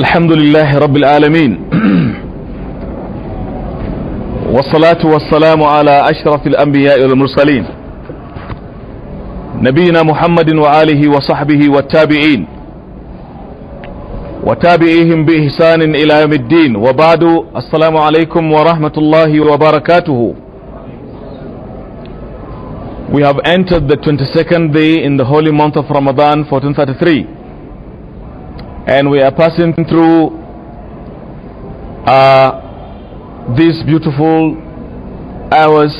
الحمد لله رب العالمين والصلاة والسلام على أشرف الأنبياء والمرسلين نبينا محمد وآله وصحبه والتابعين وتابعيهم بإحسان إلى يوم الدين وبعد السلام عليكم ورحمة الله وبركاته We have entered the 22nd day in the holy month of Ramadan 1433 and we are passing through uh, these beautiful hours,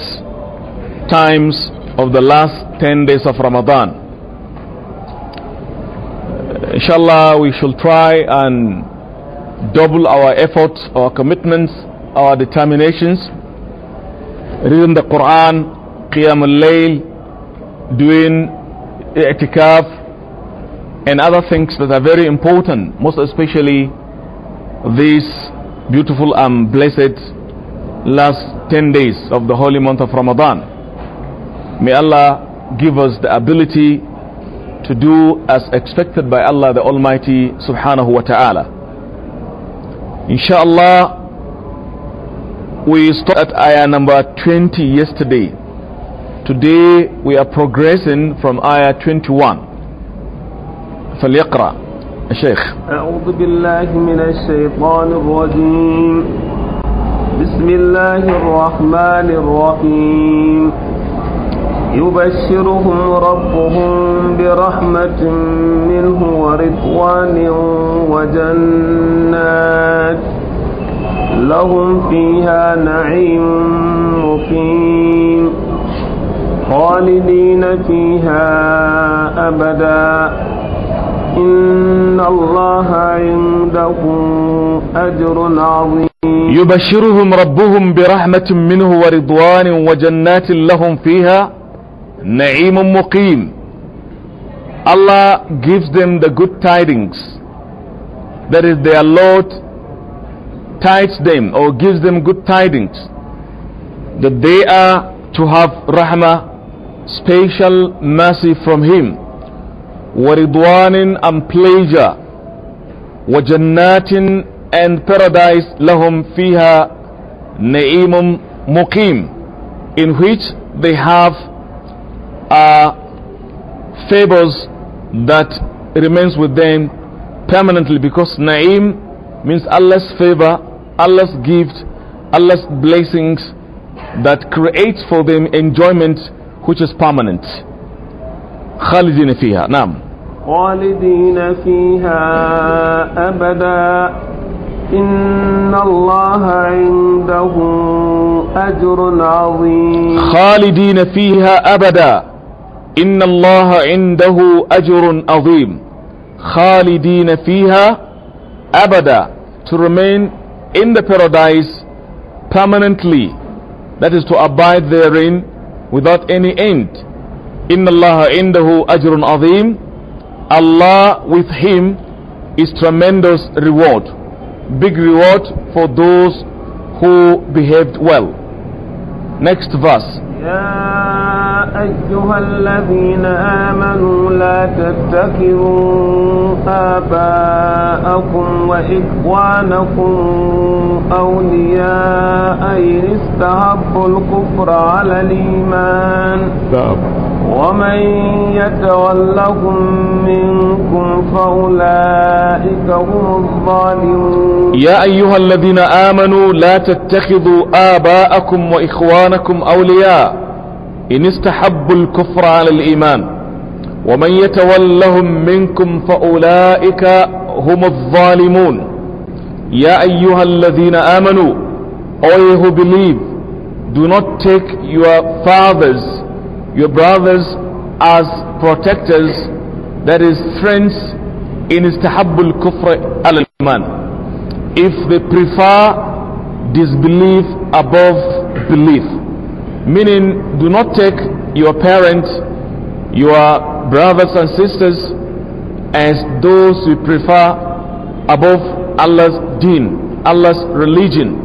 times of the last 10 days of Ramadan. Inshallah, we shall try and double our efforts, our commitments, our determinations. Reading the Quran, Qiyamul Layl, doing i'tikaf, and other things that are very important, most especially these beautiful and um, blessed last 10 days of the holy month of Ramadan. May Allah give us the ability to do as expected by Allah the Almighty subhanahu wa ta'ala. Inshallah, we started at ayah number 20 yesterday. Today we are progressing from ayah 21. فليقرأ الشيخ أعوذ بالله من الشيطان الرجيم بسم الله الرحمن الرحيم يبشرهم ربهم برحمة منه ورضوان وجنات لهم فيها نعيم مقيم خالدين فيها أبداً إن الله عنده أجر عظيم يبشرهم ربهم برحمة منه ورضوان وجنات لهم فيها نعيم مقيم Allah gives them the good tidings that is their Lord tides them or gives them good tidings that they are to have rahmah special mercy from him ورضوان and pleasure وجنات and paradise لهم فيها نعيم مقيم in which they have uh, favors that remains with them permanently because na'im means Allah's favor, Allah's gift, Allah's blessings that creates for them enjoyment which is permanent. خالدين فيها نعم خالدين فيها أبدا إن الله عنده أجر عظيم خالدين فيها أبدا إن الله عنده أجر عظيم خالدين فيها أبدا to remain in the paradise permanently that is to abide therein without any end إن الله عنده أجر عظيم Allah with him is tremendous reward big reward for those who behaved well next verse يا أيها الذين آمنوا لا تتخذوا آباءكم وإخوانكم أولياء إن استحبوا الكفر على الإيمان ومن يتولهم منكم فأولئك هم الظالمون يا أيها الذين آمنوا لا تتخذوا آباءكم وإخوانكم أولياء إن استحبوا الكفر على الإيمان ومن يتولهم منكم فأولئك هم الظالمون يا أيها الذين آمنوا all who believe do not take your fathers your brothers as protectors, that is friends in istahabul kufr al iman. If they prefer disbelief above belief, meaning do not take your parents, your brothers and sisters as those who prefer above Allah's deen, Allah's religion.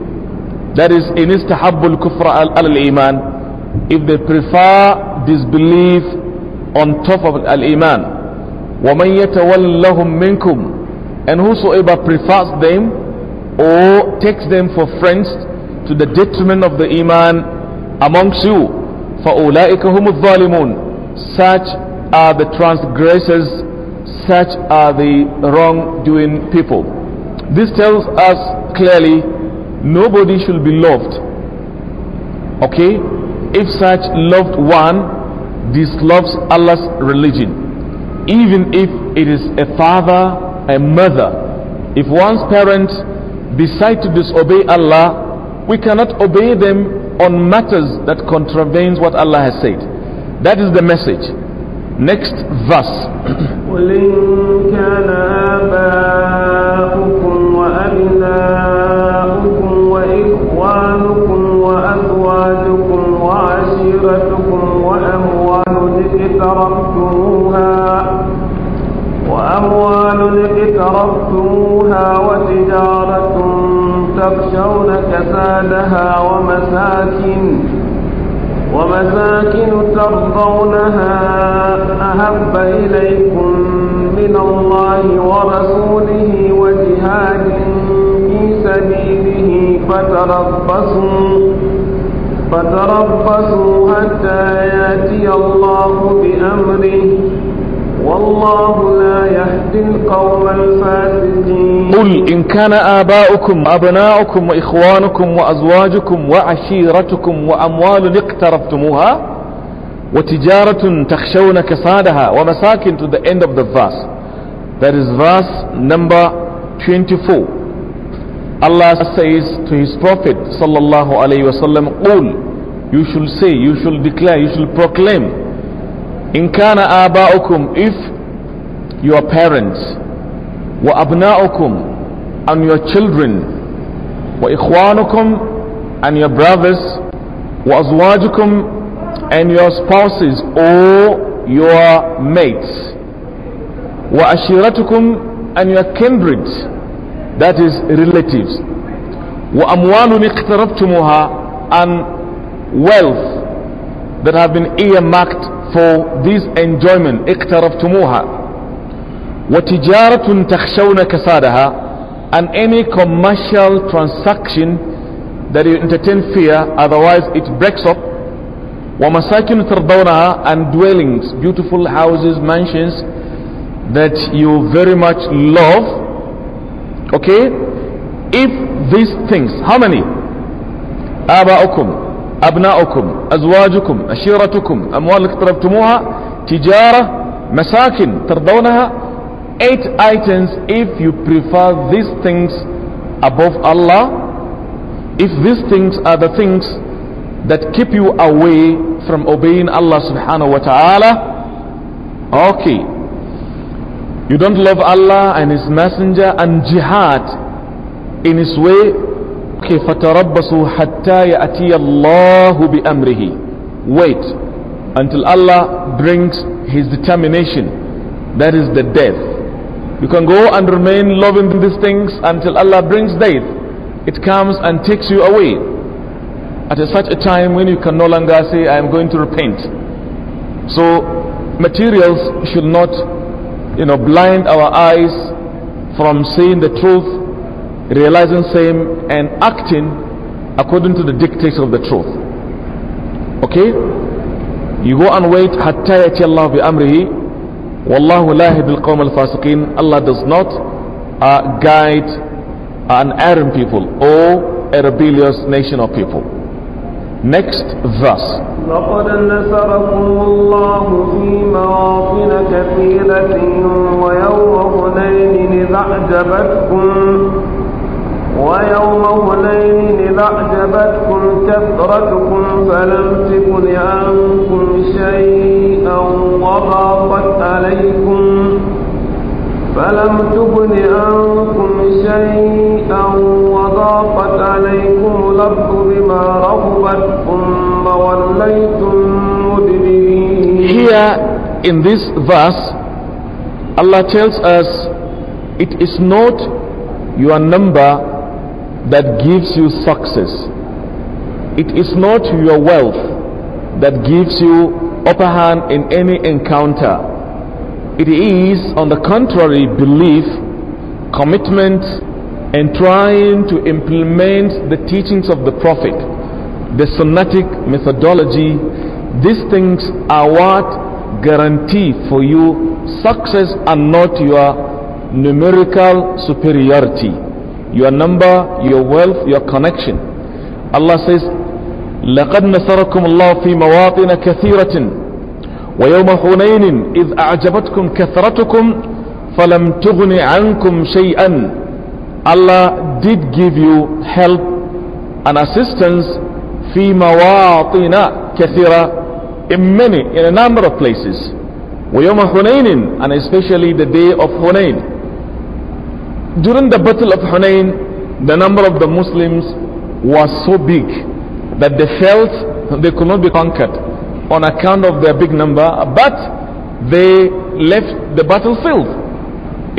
That is in istahabul kufr al iman if they prefer disbelief on top of al-iman وَمَنْ يَتَوَلَّهُمْ مِنْكُمْ and whosoever prefers them or takes them for friends to the detriment of the iman amongst you فَأُولَٰئِكَ هُمُ الظَّالِمُونَ such are the transgressors such are the wrongdoing people this tells us clearly nobody should be loved okay if such loved one disloves Allah's religion, even if it is a father, a mother, if one's parents decide to disobey Allah, we cannot obey them on matters that contravenes what Allah has said. That is the message. Next verse. اقترفتموها وأموال اقترفتموها وتجارة تخشون كسادها ومساكن ومساكن ترضونها أهب إليكم من الله ورسوله وجهاد في سبيله فتربصوا فتربصوا حتى ياتي الله بأمره والله لا يهدي القوم الفاسقين قل إن كان آباؤكم وأبناؤكم وإخوانكم وأزواجكم وعشيرتكم وأموال اقترفتموها وتجارة تخشون كسادها ومساكن to the end of the verse that is verse number 24 Allah says to his prophet sallallahu alaihi wasallam qul you should say you should declare you should proclaim in kana aba'ukum if your parents wa abna'ukum and your children wa ikhwanukum and your brothers wa azwajukum and your spouses or your mates wa ashiratukum and your kindreds." that is relatives وأموال اقترفتموها and wealth that have been earmarked for this enjoyment اقترفتموها وتجارة تخشون كسادها and any commercial transaction that you entertain fear otherwise it breaks up ومساكن ترضونها and dwellings beautiful houses mansions that you very much love Okay? If these things, how many? آباؤكم أبناؤكم أزواجكم أشيرتكم أموال اقترفتموها تجارة مساكن ترضونها eight items if you prefer these things above Allah if these things are the things that keep you away from obeying Allah subhanahu wa ta'ala okay you don't love Allah and His Messenger and jihad in His way. Okay, فَتَرَبَّصُوا حَتَّى يَأْتِيَ اللَّهُ بِأَمْرِهِ Wait until Allah brings His determination. That is the death. You can go and remain loving these things until Allah brings death. It comes and takes you away. At such a time when you can no longer say, I am going to repent. So materials should not you know, blind our eyes from seeing the truth, realizing same, and acting according to the dictates of the truth. Okay? You go and wait. حتى يأتي الله بأمره والله لا يهدي القوم الفاسقين. Allah does not uh, guide uh, an errant people or a rebellious nation of people. Next verse. كفيلة ويوم هنين إذا أعجبتكم ويوم هنين إذا أعجبتكم كثرتكم فلم تكن عنكم شيئا وضاقت عليكم فلم تغن عنكم شيئا وضاقت عليكم الأرض بما رغبت ثم وليتم مدبرين in this verse, Allah tells us it is not your number that gives you success. It is not your wealth that gives you upper hand in any encounter. It is, on the contrary, belief, commitment, and trying to implement the teachings of the Prophet, the Sunnatic methodology. These things are what guarantee for you success and not your numerical superiority, your number, your wealth, your connection. Allah says, لقد نصركم الله في مواطن كثيرة ويوم حنين إذ أعجبتكم كثرتكم فلم تغن عنكم شيئا Allah did give you help and assistance في مواطن كثيرة in many, in a number of places. وَيَوْمَ حُنَيْنٍ And especially the day of Hunayn. During the battle of Hunayn, the number of the Muslims was so big that they felt they could not be conquered on account of their big number, but they left the battlefield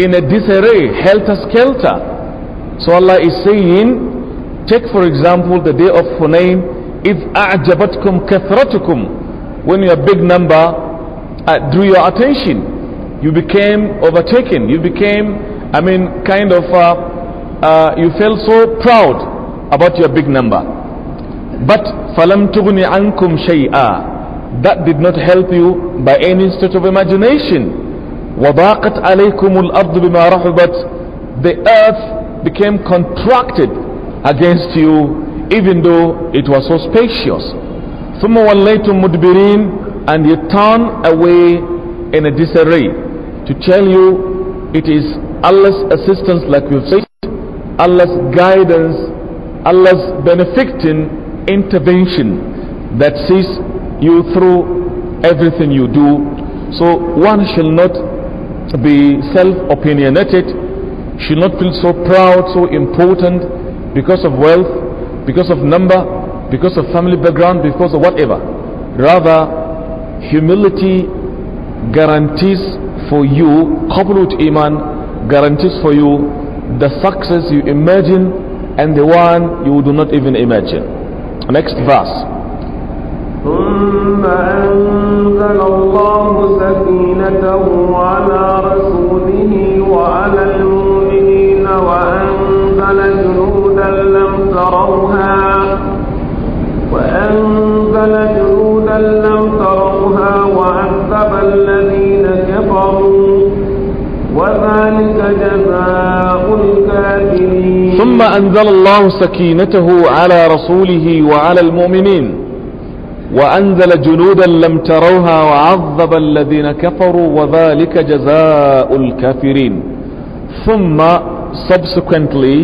in a disarray, helter-skelter. So Allah is saying, take for example the day of Hunayn, إِذْ أَعْجَبَتْكُمْ كَثْرَتُكُمْ when your big number uh, drew your attention. You became overtaken. You became, I mean, kind of, uh, uh, you felt so proud about your big number. But falam tugni ankum shay'a. That did not help you by any stretch of imagination. وضاقت عليكم الأرض بما رحبت. The earth became contracted against you, even though it was so spacious. ثم وليتم mudbirin, and you turn away in a disarray to tell you it is Allah's assistance like we've said Allah's guidance Allah's benefiting intervention that sees you through everything you do so one shall not be self-opinionated should not feel so proud so important because of wealth because of number because of family background, because of whatever. Rather, humility guarantees for you, coupled with Iman, guarantees for you the success you imagine and the one you do not even imagine. Next verse. ثم أنزل الله سكينته على رسوله وعلى المؤمنين وأنزل جنودا لم تروها وأنزل جنودا لم تروها وعذب الذين كفروا وذلك جزاء الكافرين ثم أنزل الله سكينته على رسوله وعلى المؤمنين وأنزل جنودا لم تروها وعذب الذين كفروا وذلك جزاء الكافرين ثم subsequently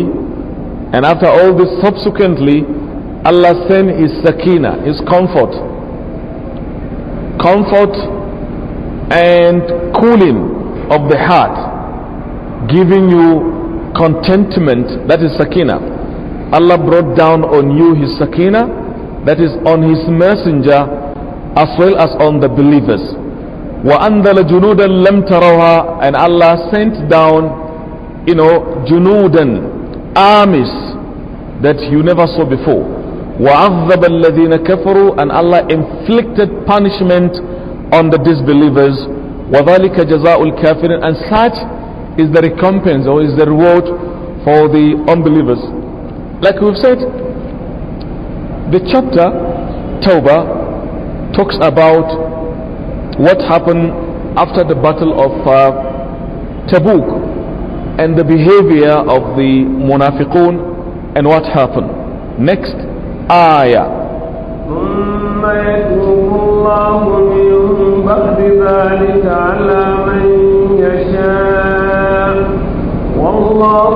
and after all this subsequently Allah sent His sakina, His comfort, comfort and cooling of the heart, giving you contentment. That is sakina. Allah brought down on you His sakina, that is on His messenger as well as on the believers. وَأَنْزَلَ جُنُودًا لَمْ تَرَوْهَا And Allah sent down, you know, junudan, armies that you never saw before. وَعَذَّبَ الَّذِينَ كَفَرُوا And Allah inflicted punishment on the disbelievers. وَذَلِكَ جَزَاءُ الْكَافِرِينَ And such is the recompense or is the reward for the unbelievers. Like we've said, the chapter Tawbah talks about what happened after the battle of uh, Tabuk and the behavior of the munafiqun and what happened. Next. آية ثم يتوب الله من بعد ذلك على من يشاء والله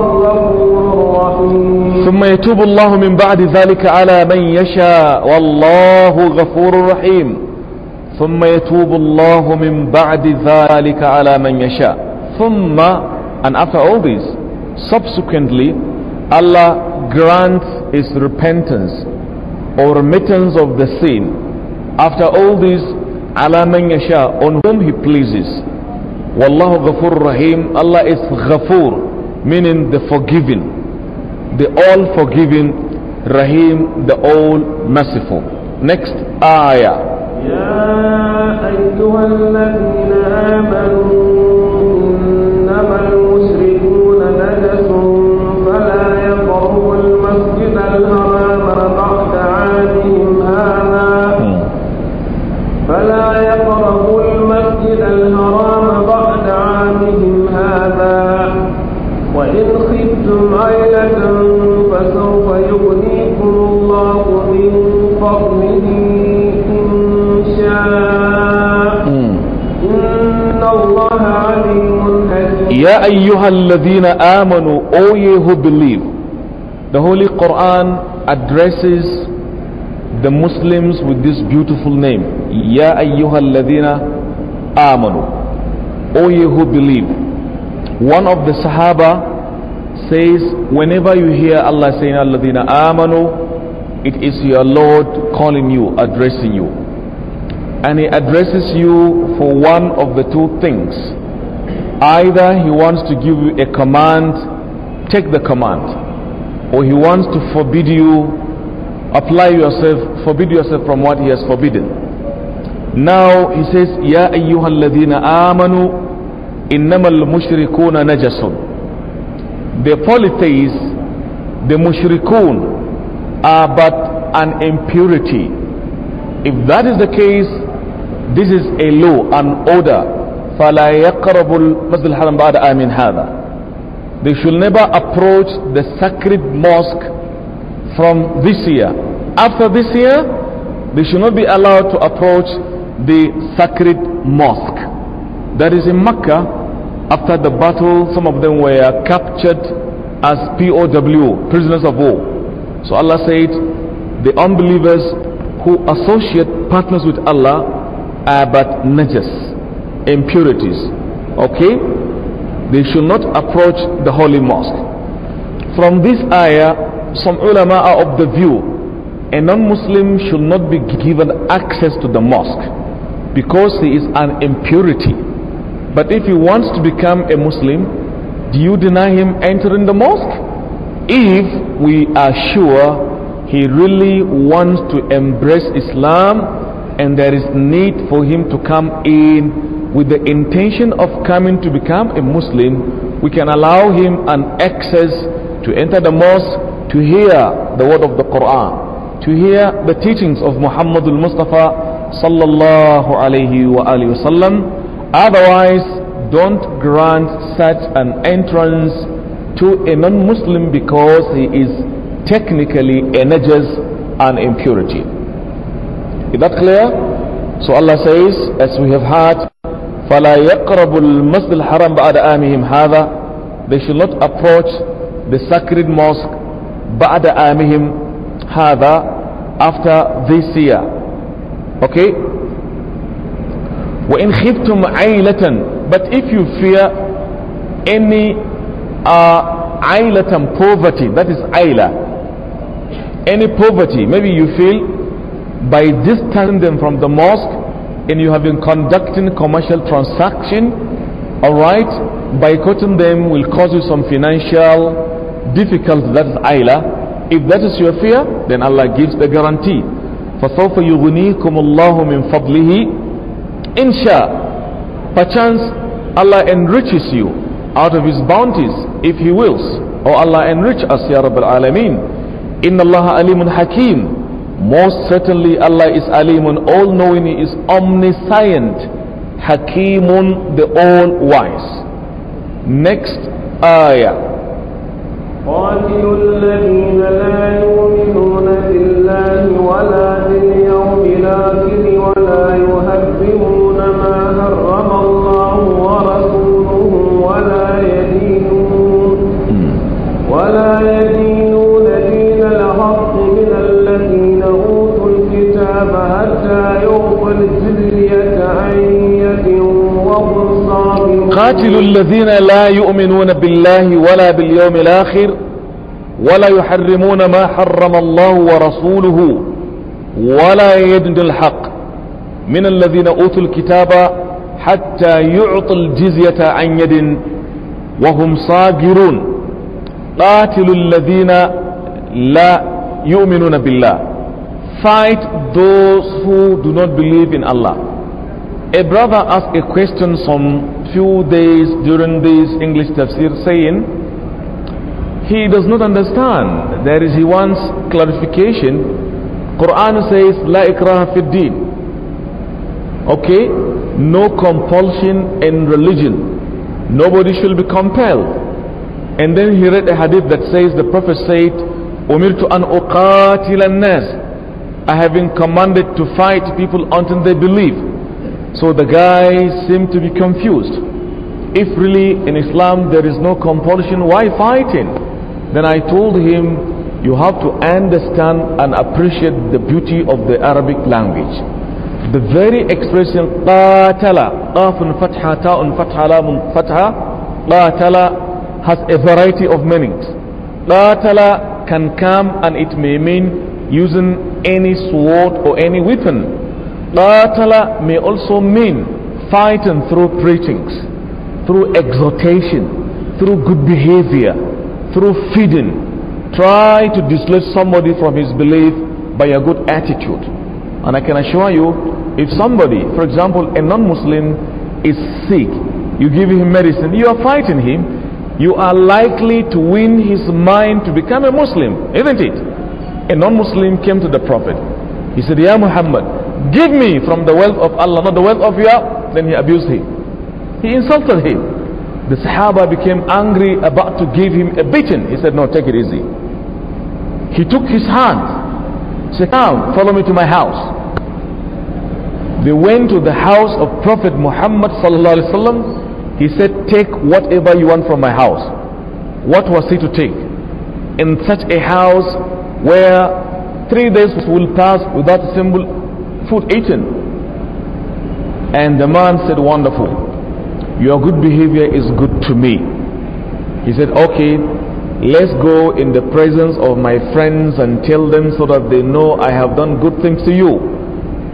غفور رحيم ثم يتوب الله من بعد ذلك على من يشاء والله غفور رحيم ثم يتوب الله من بعد ذلك على من يشاء ثم and after all this subsequently Allah grants his repentance or remittance of the sin. After all this, Allah man yasha, on whom he pleases. Wallahu ghafur rahim, Allah is ghafur, meaning the forgiving, the all forgiving, rahim, the all merciful. Next ayah. يا أيها الذين آمنوا. O ye who believe. The Holy Quran addresses the Muslims with this beautiful name. يا أيها الذين آمنوا. O ye who believe. One of the Sahaba says, whenever you hear Allah saying الذين آمنوا, it is your Lord calling you, addressing you. And he addresses you for one of the two things. Either he wants to give you a command, take the command, or he wants to forbid you, apply yourself, forbid yourself from what he has forbidden. Now he says, Ya ayyuhal amanu innamal mushrikuna najasun. The polytheists, the mushrikun, are but an impurity. If that is the case, this is a law, an order فلا يقرب المسجد الحرام بعد هذا they should never approach the sacred mosque from this year after this year they should not be allowed to approach the sacred mosque that is in Mecca after the battle some of them were captured as POW prisoners of war so Allah said the unbelievers who associate partners with Allah are but najas impurities. Okay? They should not approach the holy mosque. From this ayah, some ulama are of the view a non Muslim should not be given access to the mosque because he is an impurity. But if he wants to become a Muslim, do you deny him entering the mosque? If we are sure he really wants to embrace Islam and there is need for him to come in with the intention of coming to become a Muslim, we can allow him an access to enter the mosque to hear the word of the Quran, to hear the teachings of Muhammad al-Mustafa sallallahu alayhi wa alayhi wasallam. Otherwise, don't grant such an entrance to a non-Muslim because he is technically a najas and impurity. Is that clear? So Allah says, as we have heard, فَلَا يَقْرَبُ الْمَسْجِدَ الْحَرَامَ بَعْدَ آمِهِمْ هَذَا They should not approach the sacred mosque بَعْدَ آمِهِمْ هَذَا after this year. Okay? وَإِنْ خِفْتُمْ عَيْلَةً But if you fear any uh, عَيْلَةً poverty, that is عَيْلَة, any poverty, maybe you feel by distancing them from the mosque, and you have been conducting commercial transaction, all right, boycotting them will cause you some financial difficulty. That is Ayla. If that is your fear, then Allah gives the guarantee. فَسَوْفَ يُغْنِيكُمُ اللَّهُ مِنْ فَضْلِهِ إِنْ شَاءَ Perchance Allah enriches you out of His bounties if He wills. Or oh Allah enrich us, Ya Rabbil Alameen. إِنَّ اللَّهَ أَلِيمٌ حَكِيمٌ most certainly Allah is Alimun, all-knowing, He is omniscient, Hakimun, the all-wise. Next ayah. يقاتل الذين لا يؤمنون بالله ولا باليوم الآخر ولا يحرمون ما حرم الله ورسوله ولا يدن الحق من الذين أوتوا الكتاب حتى يعطوا الجزية عن يد وهم صاغرون قاتل الذين لا يؤمنون بالله fight those who do not believe in Allah a brother asked a question some few days during this English tafsir saying he does not understand. There is he wants clarification. Quran says La ikraha fid din. Okay, no compulsion in religion. Nobody should be compelled. And then he read a hadith that says the Prophet said, Umirtu an uqatil nas. I have been commanded to fight people until they believe. So the guy seemed to be confused. If really in Islam there is no compulsion, why fighting? Then I told him, you have to understand and appreciate the beauty of the Arabic language. The very expression qatala, qafun fatha, ta'un fatha, lamun fatha, qatala has a variety of meanings. Qatala can come and it may mean using any sword or any weapon Qatala may also mean fighting through preachings, through exhortation, through good behavior, through feeding. Try to dissuade somebody from his belief by a good attitude. And I can assure you, if somebody, for example, a non Muslim, is sick, you give him medicine, you are fighting him, you are likely to win his mind to become a Muslim, isn't it? A non Muslim came to the Prophet. He said, Ya Muhammad, give me from the wealth of Allah, not the wealth of your, then he abused him. He insulted him. The Sahaba became angry, about to give him a beating. He said, no, take it easy. He took his hand, Sit come, follow me to my house. They went to the house of Prophet Muhammad sallallahu alaihi wasallam. He said, take whatever you want from my house. What was he to take? In such a house where three days will pass without a single food eaten? And the man said, Wonderful. Your good behavior is good to me. He said, Okay, let's go in the presence of my friends and tell them so that they know I have done good things to you.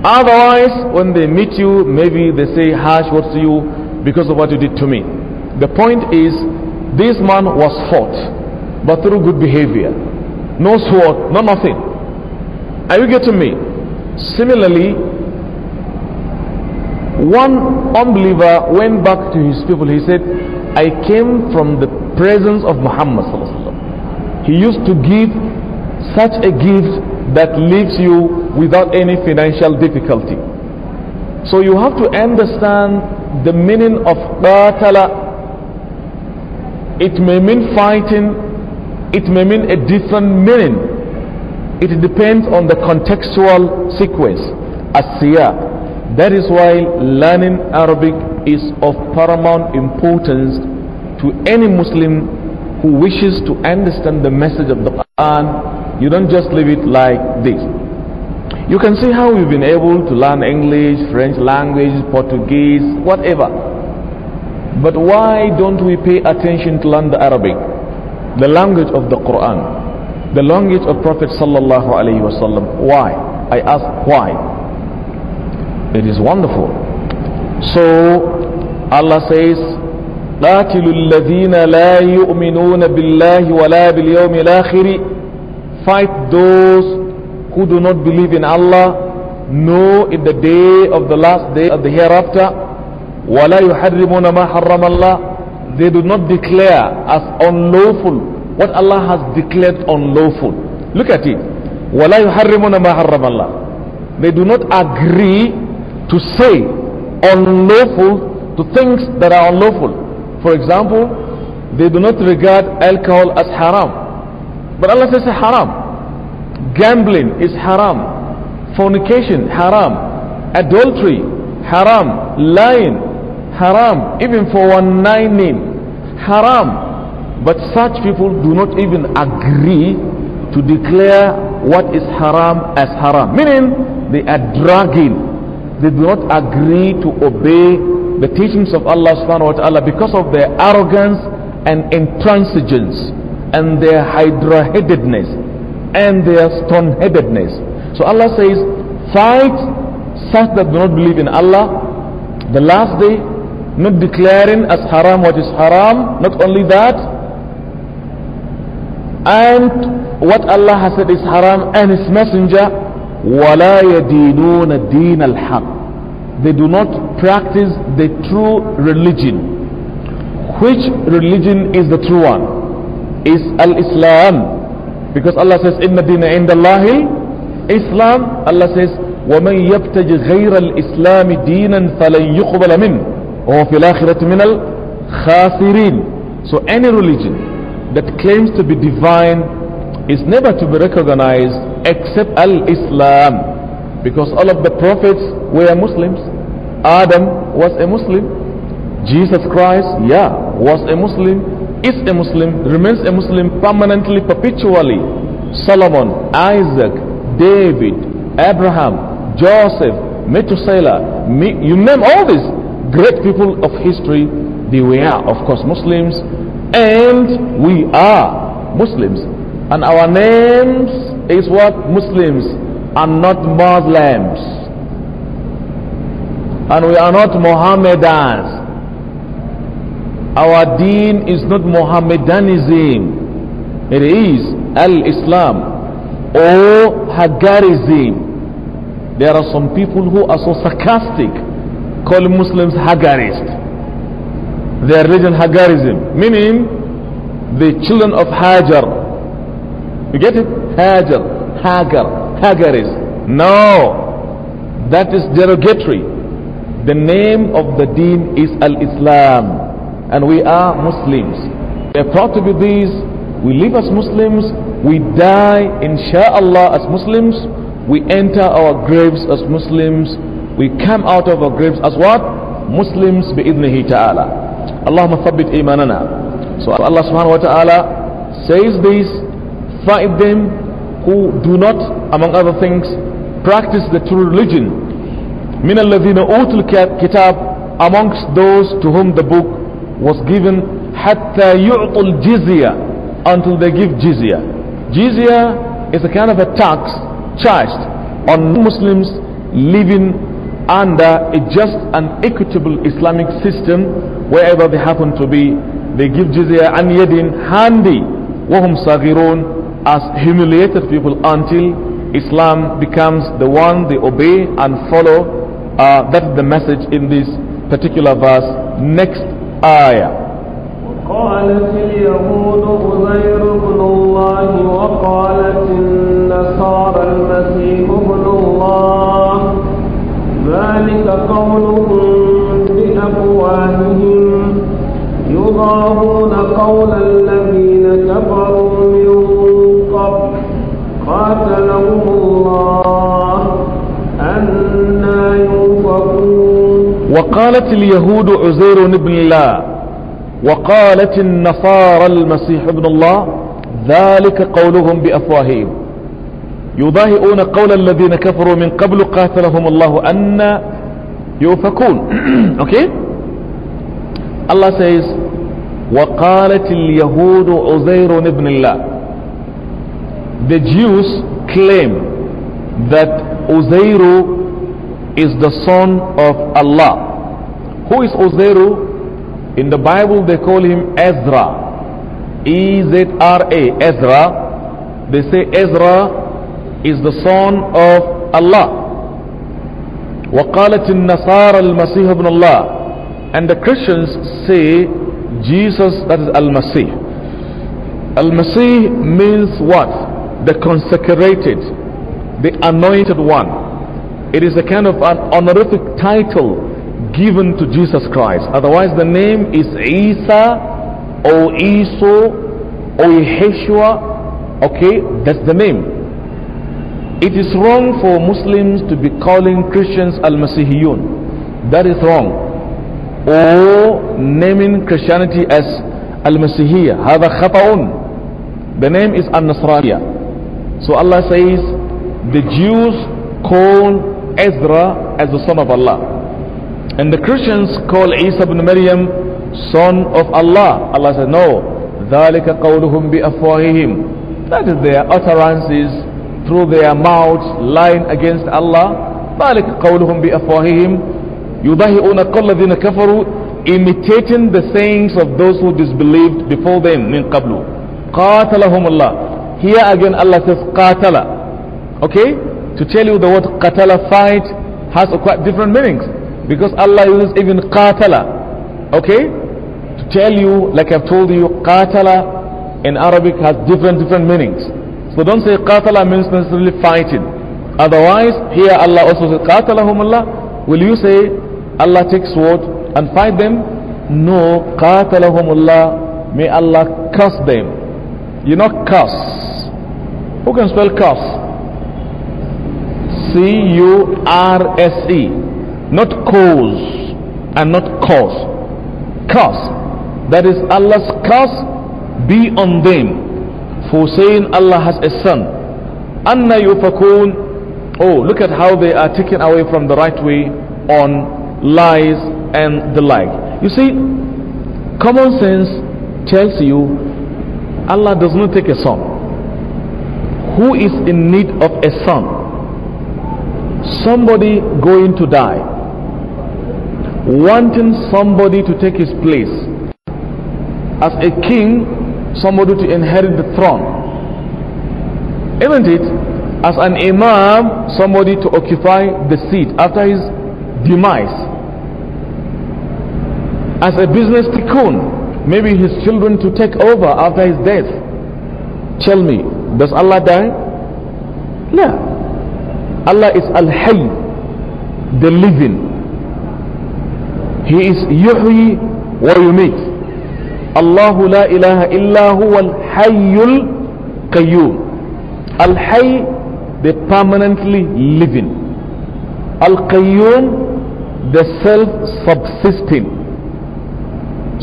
Otherwise, when they meet you, maybe they say harsh words to you because of what you did to me. The point is, this man was fought, but through good behavior. No sword, no nothing. Are you getting me? Similarly, one unbeliever went back to his people. He said, I came from the presence of Muhammad. He used to give such a gift that leaves you without any financial difficulty. So you have to understand the meaning of qatala. It may mean fighting, it may mean a different meaning it depends on the contextual sequence Asiya. that is why learning arabic is of paramount importance to any muslim who wishes to understand the message of the quran you don't just leave it like this you can see how we've been able to learn english french language portuguese whatever but why don't we pay attention to learn the arabic the language of the quran the language of Prophet sallallahu alaihi wasallam. Why? I ask why. It is wonderful. So Allah says, الذين لا يؤمنون بالله ولا باليوم الآخر fight those who do not believe in Allah nor in the day of the last day of the hereafter ولا يحرمون ما حرم الله they do not declare as unlawful what Allah has declared unlawful. Look at it. They do not agree to say unlawful to things that are unlawful. For example, they do not regard alcohol as haram. But Allah says haram. Gambling is haram. Fornication, haram. Adultery, haram. Lying, haram. Even for one night name, haram but such people do not even agree to declare what is haram as haram. Meaning they are dragging. They do not agree to obey the teachings of Allah subhanahu wa ta'ala because of their arrogance and intransigence and their hydra-headedness and their stone-headedness. So Allah says, fight such that do not believe in Allah, the last day, not declaring as haram what is haram, not only that, and what Allah has said is haram and his messenger وَلَا يَدِينُونَ دِينَ الْحَقِّ They do not practice the true religion. Which religion is the true one? Is Al-Islam. Because Allah says, إِنَّ الدين عِنْدَ اللَّهِ Islam. Allah says, وَمَنْ يَبْتَجِ غَيْرَ الْإِسْلَامِ دِينًا فَلَنْ يُقْبَلَ مِنْهُ وَهُوَ فِي الْآخِرَةِ مِنَ الْخَاسِرِينَ So any religion that claims to be divine is never to be recognized except al-Islam because all of the prophets were Muslims Adam was a Muslim Jesus Christ yeah was a Muslim is a Muslim remains a Muslim permanently perpetually Solomon Isaac David Abraham Joseph Methuselah you name all these great people of history they were of course Muslims and we are Muslims. And our names is what? Muslims and not Muslims. And we are not Mohammedans. Our deen is not Mohammedanism. It is Al-Islam or Hagarism. There are some people who are so sarcastic, call Muslims Hagarists their religion Hagarism, meaning the children of Hajar. You get it? Hajar, Hagar, Hagaris. No, that is derogatory. The name of the deen is Al-Islam and we are Muslims. We are proud to be these. We live as Muslims. We die, insha'Allah, as Muslims. We enter our graves as Muslims. We come out of our graves as what? Muslims bi'idnihi ta'ala. Allahumma thabbit imanana. So Allah subhanahu wa ta'ala says this, fight them who do not, among other things, practice the true religion. من الذين أوتوا kitab amongst those to whom the book was given hatta يعطوا jizya until they give jizya. Jizya is a kind of a tax charged on Muslims living under a just and equitable Islamic system wherever they happen to be. They give jizya and yadin handy. Wahum sagirun as humiliated people until Islam becomes the one they obey and follow. Uh, that is the message in this particular verse. Next ayah. قالت اليهود الله وقالت النصارى المسيح الله قالت اليهود عزير ابن الله وقالت النصارى المسيح ابن الله ذلك قولهم بأفواههم يضاهئون قول الذين كفروا من قبل قاتلهم الله أن يؤفكون أوكي الله says وقالت اليهود عزير ابن الله the Jews claim that Uzairu is the son of Allah Who is Ozeru? In the Bible they call him Ezra. E-Z-R-A, Ezra. They say Ezra is the son of Allah. وقالت النصارى المسيح بْنَ الله and the Christians say Jesus that is Al-Masih Al-Masih means what? the consecrated the anointed one it is a kind of an honorific title given to Jesus Christ. Otherwise, the name is Isa or Iso or Yeshua. Okay, that's the name. It is wrong for Muslims to be calling Christians Al-Masihiyun. That is wrong. Or naming Christianity as Al-Masihiyya. هذا خطأ. The name is Al-Nasraniya. So Allah says, the Jews call Ezra as the son of Allah. And the Christians call Isa ibn Maryam son of Allah. Allah said, no. ذَلِكَ قَوْلُهُمْ بِأَفْوَاهِهِمْ That is their utterances through their mouths lying against Allah. ذَلِكَ قَوْلُهُمْ بِأَفْوَاهِهِمْ يُضَهِئُونَ قَوْلَ الَّذِينَ كَفَرُوا imitating the sayings of those who disbelieved before them min qablu qatalahum Allah here again Allah says qatala okay to tell you the word qatala fight has a quite different meanings because Allah uses even qatala, okay? To tell you, like I've told you, qatala in Arabic has different, different meanings. So don't say qatala means necessarily fighting. Otherwise, here Allah also says qatalahum Allah. Will you say Allah takes sword and fight them? No, qatalahum Allah. May Allah curse them. You know curse. Who can spell curse? C-U-R-S-E not cause and not cause curse that is Allah's curse be on them for saying Allah has a son anna yufakun oh look at how they are taken away from the right way on lies and the like you see common sense tells you Allah does not take a son who is in need of a son somebody going to die wanting somebody to take his place as a king somebody to inherit the throne isn't it as an imam somebody to occupy the seat after his demise as a business tycoon maybe his children to take over after his death tell me does allah die no allah is al-hayy the living he is yuhyi wa yumit. Allahu la ilaha illa huwa al-hayyul qayyum. Al-hayy, the permanently living. Al-qayyum, the self-subsisting.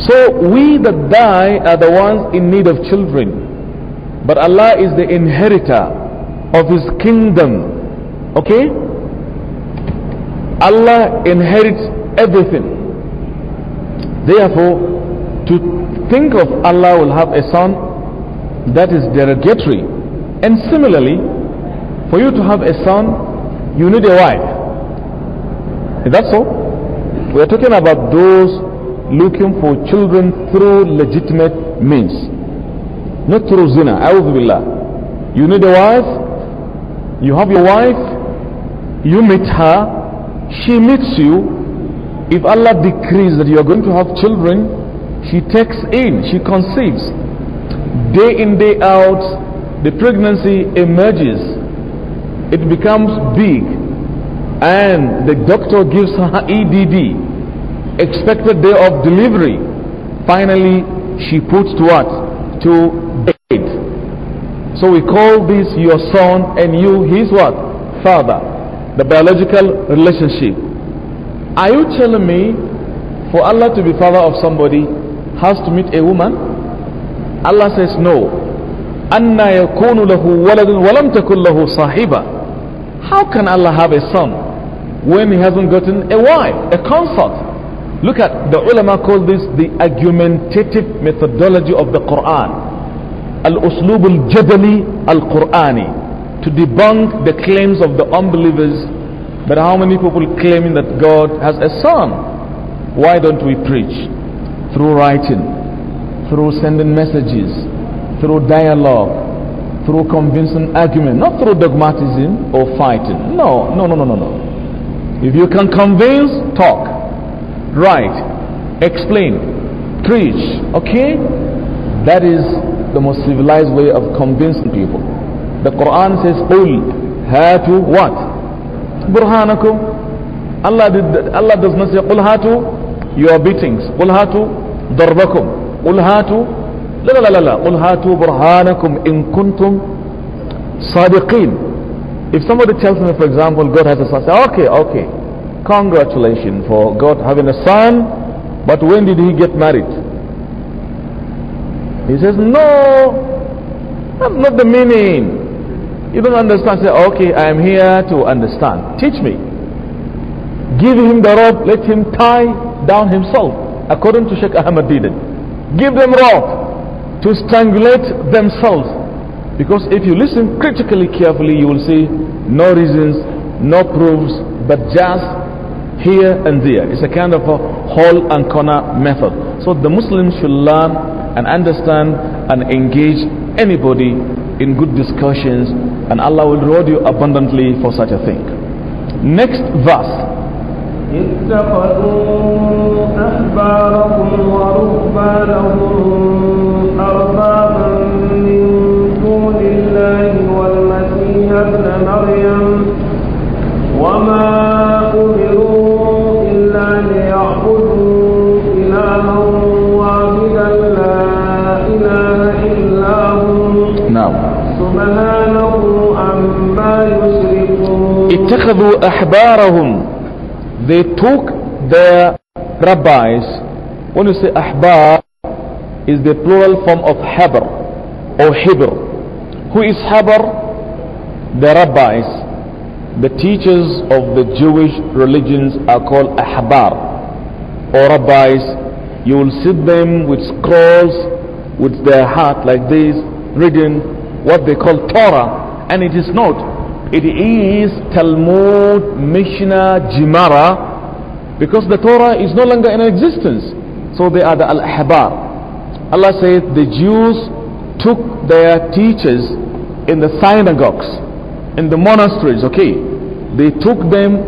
So we that die are the ones in need of children. But Allah is the inheritor of His kingdom. Okay? Allah inherits everything. Therefore, to think of Allah will have a son, that is derogatory. And similarly, for you to have a son, you need a wife. Is that so? We are talking about those looking for children through legitimate means, not through zina. Billah. You need a wife, you have your wife, you meet her, she meets you, if Allah decrees that you are going to have children, she takes in, she conceives. Day in, day out, the pregnancy emerges. It becomes big. And the doctor gives her EDD, expected day of delivery. Finally, she puts to what? To bed. So we call this your son and you his what? Father. The biological relationship. Are you telling me for Allah to be father of somebody has to meet a woman? Allah says no. How can Allah have a son when he hasn't gotten a wife, a consort? Look at the ulama call this the argumentative methodology of the Quran. Al-uslub al-jadali al-Qurani. To debunk the claims of the unbelievers but how many people claiming that God has a son? Why don't we preach? Through writing, through sending messages, through dialogue, through convincing argument, not through dogmatism or fighting. No, no, no, no, no, no. If you can convince, talk, write, explain, preach, okay? That is the most civilized way of convincing people. The Quran says, "Qul to what? burhanakum. Allah, did, Allah does not say, قُلْ هَاتُوا your beatings. قُلْ هَاتُوا ضَرْبَكُمْ قُلْ هَاتُوا la la la, لا قُلْ هَاتُوا بُرْهَانَكُمْ إِن كُنْتُمْ صَادِقِينَ If somebody tells me, for example, God has a son, say, okay, okay, congratulations for God having a son, but when did he get married? He says, no, that's not the meaning. You don't understand, say, okay, I am here to understand. Teach me. Give him the rope, let him tie down himself, according to Sheikh Ahmad did it. Give them rope to strangulate themselves. Because if you listen critically carefully, you will see no reasons, no proofs, but just here and there. It's a kind of a hole and corner method. So the Muslims should learn and understand and engage anybody in good discussions and Allah will reward you abundantly for such a thing. Next verse. Now. اتخذوا أحبارهم they took their rabbis when you say أحبار is the plural form of حبر or حبر who is حبر the rabbis the teachers of the Jewish religions are called ahbar or rabbis. You will see them with scrolls with their heart like this, reading what they call Torah and it is not it is Talmud Mishnah Gemara because the Torah is no longer in existence so they are the al Habar. Allah said the Jews took their teachers in the synagogues in the monasteries okay they took them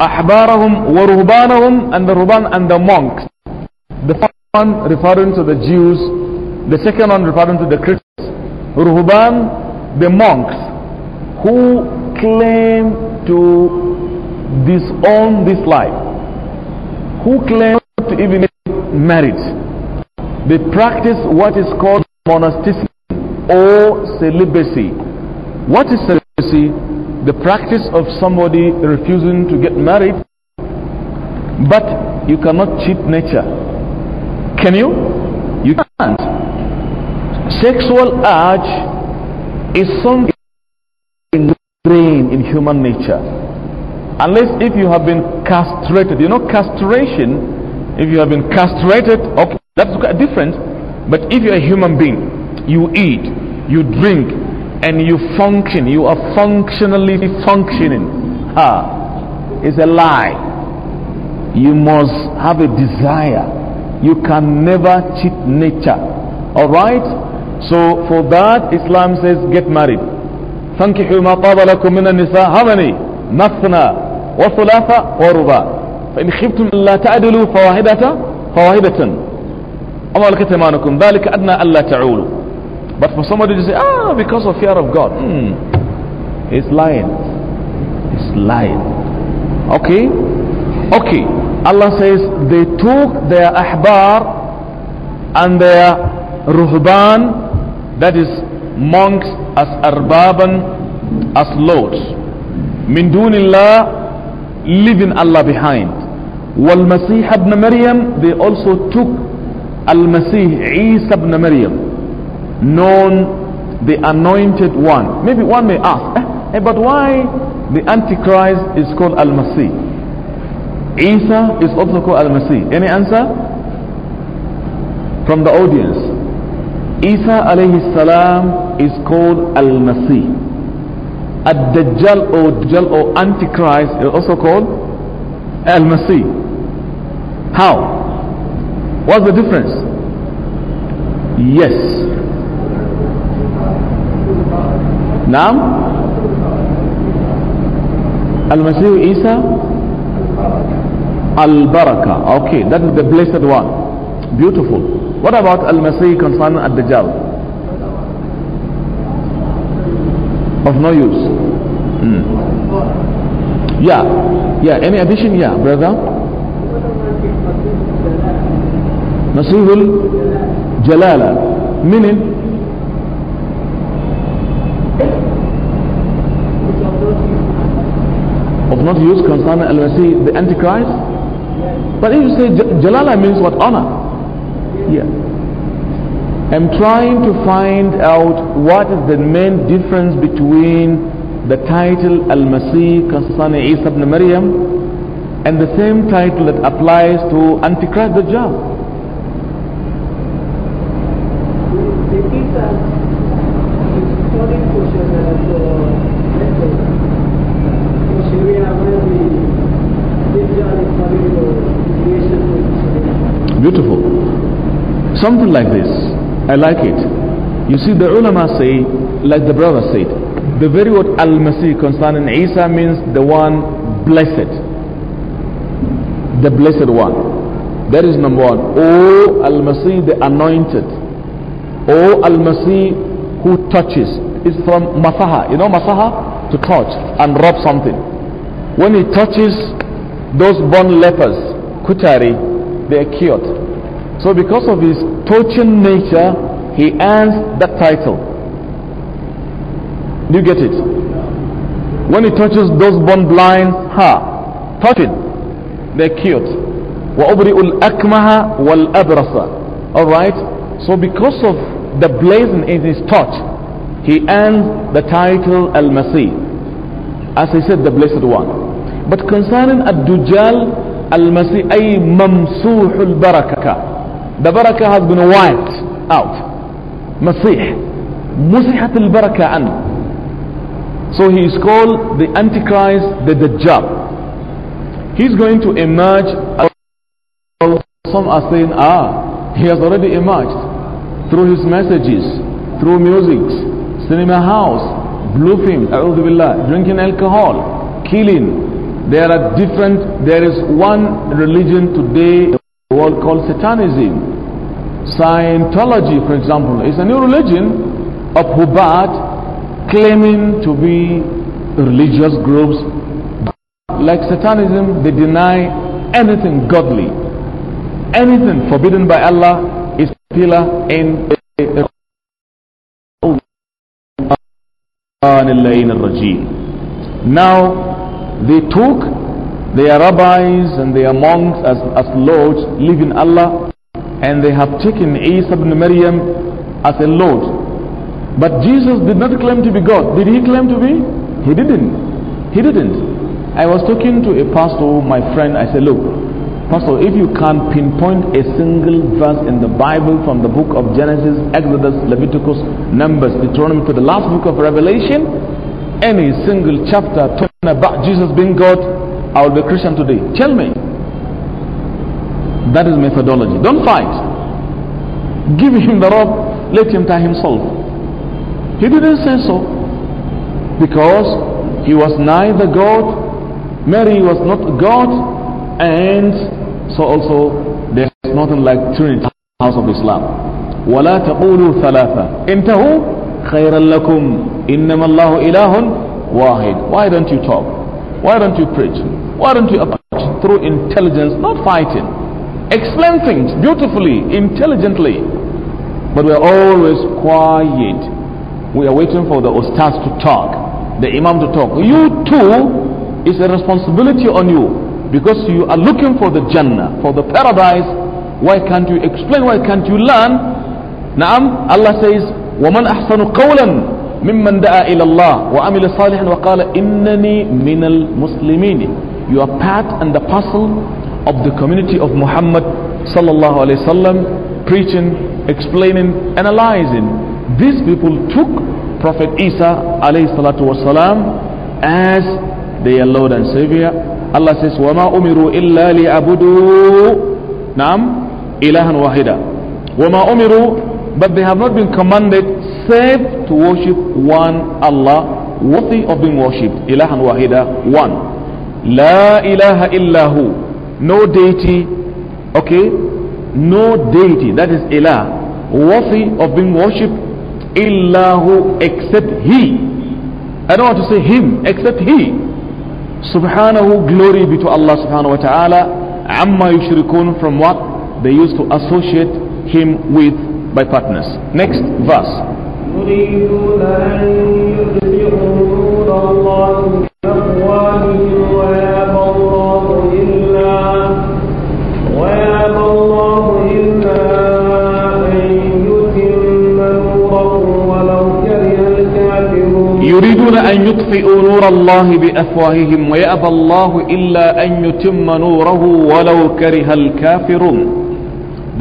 ahbarahum wa and the Ruban and the monks the first one referring to the Jews the second one referring to the Christians ruhban the monks who claim to disown this life, who claim to even marriage, They practice what is called monasticism or celibacy. What is celibacy? The practice of somebody refusing to get married, but you cannot cheat nature. Can you? You can't. Sexual urge is something ingrained in human nature. Unless if you have been castrated, you know castration, if you have been castrated, okay, that's different. But if you're a human being, you eat, you drink, and you function, you are functionally functioning. Ah, it's a lie. You must have a desire. You can never cheat nature. All right? So for that, Islam says get married. فانكحوا ما طاب لكم من النساء how many مثنى وثلاثة ورباع فإن خفتم ألا تعدلوا فواحدة فواحدة أما لك تمانكم ذلك أدنى ألا تعولوا but for somebody to say ah because of fear of God hmm. he's lying he's lying okay okay Allah says they took their ahbar and their ruhban that is monks as arbaban as lords min dunillah leaving Allah behind والمسيح ibn Maryam, they also took Al المسيح Isa ibn Maryam, known the anointed one maybe one may ask eh, eh, but why the antichrist is called al-masih isa is also called al-masih any answer from the audience Isa alayhi salam is called Al-Masih. Ad-Dajjal or Dajjal or Antichrist is also called Al-Masih. How? What's the difference? Yes. Now, Al-Masih Isa Al-Baraka. Okay, that is the blessed one. Beautiful. What about Al-Masih concerning Ad-Dajjal? Of no use. Mm. Yeah, yeah. Any addition? Yeah, brother. Masihul Jalala, meaning of not use concerning Al-Masih, the Antichrist. But if you say Jalala means what honor here. I'm trying to find out what is the main difference between the title Al-Masih Kassan Isa ibn Maryam and the same title that applies to Antichrist Dajjal. Something like this. I like it. You see, the ulama say, like the brother said, the very word Al-Masih concerning Isa means the one blessed. The blessed one. That is number one. O Al-Masih, the anointed. O Al-Masih, who touches. It's from Masaha. You know Masaha? To touch and rub something. When he touches those born lepers, Kutari, they are cured. So because of his touching nature, he earns that title. Do you get it? When he touches those born blind, ha, touching, they're cured. وأبرئ الأكمه والأبرص Alright? So because of the blessing in his touch, he earns the title Al-Masih. As I said, the Blessed One. But concerning Ad-Dujjal, Al-Masih, أي ممسوح البركة. The barakah has been wiped out. Masih. Musihat al-barakah an. So he is called the Antichrist, the Dajjal. He's going to emerge. Some are saying, ah, he has already emerged through his messages, through music, cinema house, blue films, drinking alcohol, killing. There are different, there is one religion today in the world called Satanism. Scientology, for example, is a new religion of Hubat claiming to be religious groups. Like Satanism, they deny anything godly, anything forbidden by Allah is pillar in now they took their rabbis and their monks as, as lords, leaving Allah and they have taken Isa ibn Maryam as a Lord. But Jesus did not claim to be God. Did he claim to be? He didn't. He didn't. I was talking to a pastor, my friend. I said, Look, Pastor, if you can't pinpoint a single verse in the Bible from the book of Genesis, Exodus, Leviticus, Numbers, Deuteronomy to the last book of Revelation, any single chapter talking about Jesus being God, I will be Christian today. Tell me. That is methodology. Don't fight. Give him the rope, let him tie himself. He didn't say so because he was neither God, Mary was not God, and so also there's nothing like Trinity, house of Islam. ولا تقولوا ثلاثة انتهوا خيرا لكم إنما الله إله واحد why don't you talk why don't you preach why don't you approach through intelligence not fighting explain things beautifully, intelligently, but we're always quiet. We are waiting for the ustaz to talk, the imam to talk. You too, it's a responsibility on you because you are looking for the Jannah, for the paradise. Why can't you explain? Why can't you learn? Naam, Allah says, وَمَنْ أَحْسَنُ قَوْلًا ممن دَعَىٰ إلى الله وعمل صالحا وقال إنني من المسلمين your part and the parcel of the community of Muhammad sallallahu alaihi wasallam preaching, explaining, analyzing. These people took Prophet Isa alayhi salatu wasalam as their Lord and Savior. Allah says, umiru illa إِلَّا لِيَعْبُدُوا نعم wahida wa ma umiru, But they have not been commanded save to worship one Allah worthy of being worshipped. إِلَهًا wahida, One. لَا إِلَهَ إِلَّا no deity, okay, no deity, that is ilah, worthy of being worshipped, illahu, except he. I don't want to say him, except he. Subhanahu, glory be to Allah subhanahu wa ta'ala, amma yushrikun, from what they used to associate him with by partners. Next verse. يريدون أن يطفئوا نور الله بأفواههم ويأبى الله إلا أن يتم نوره ولو كره الكافرون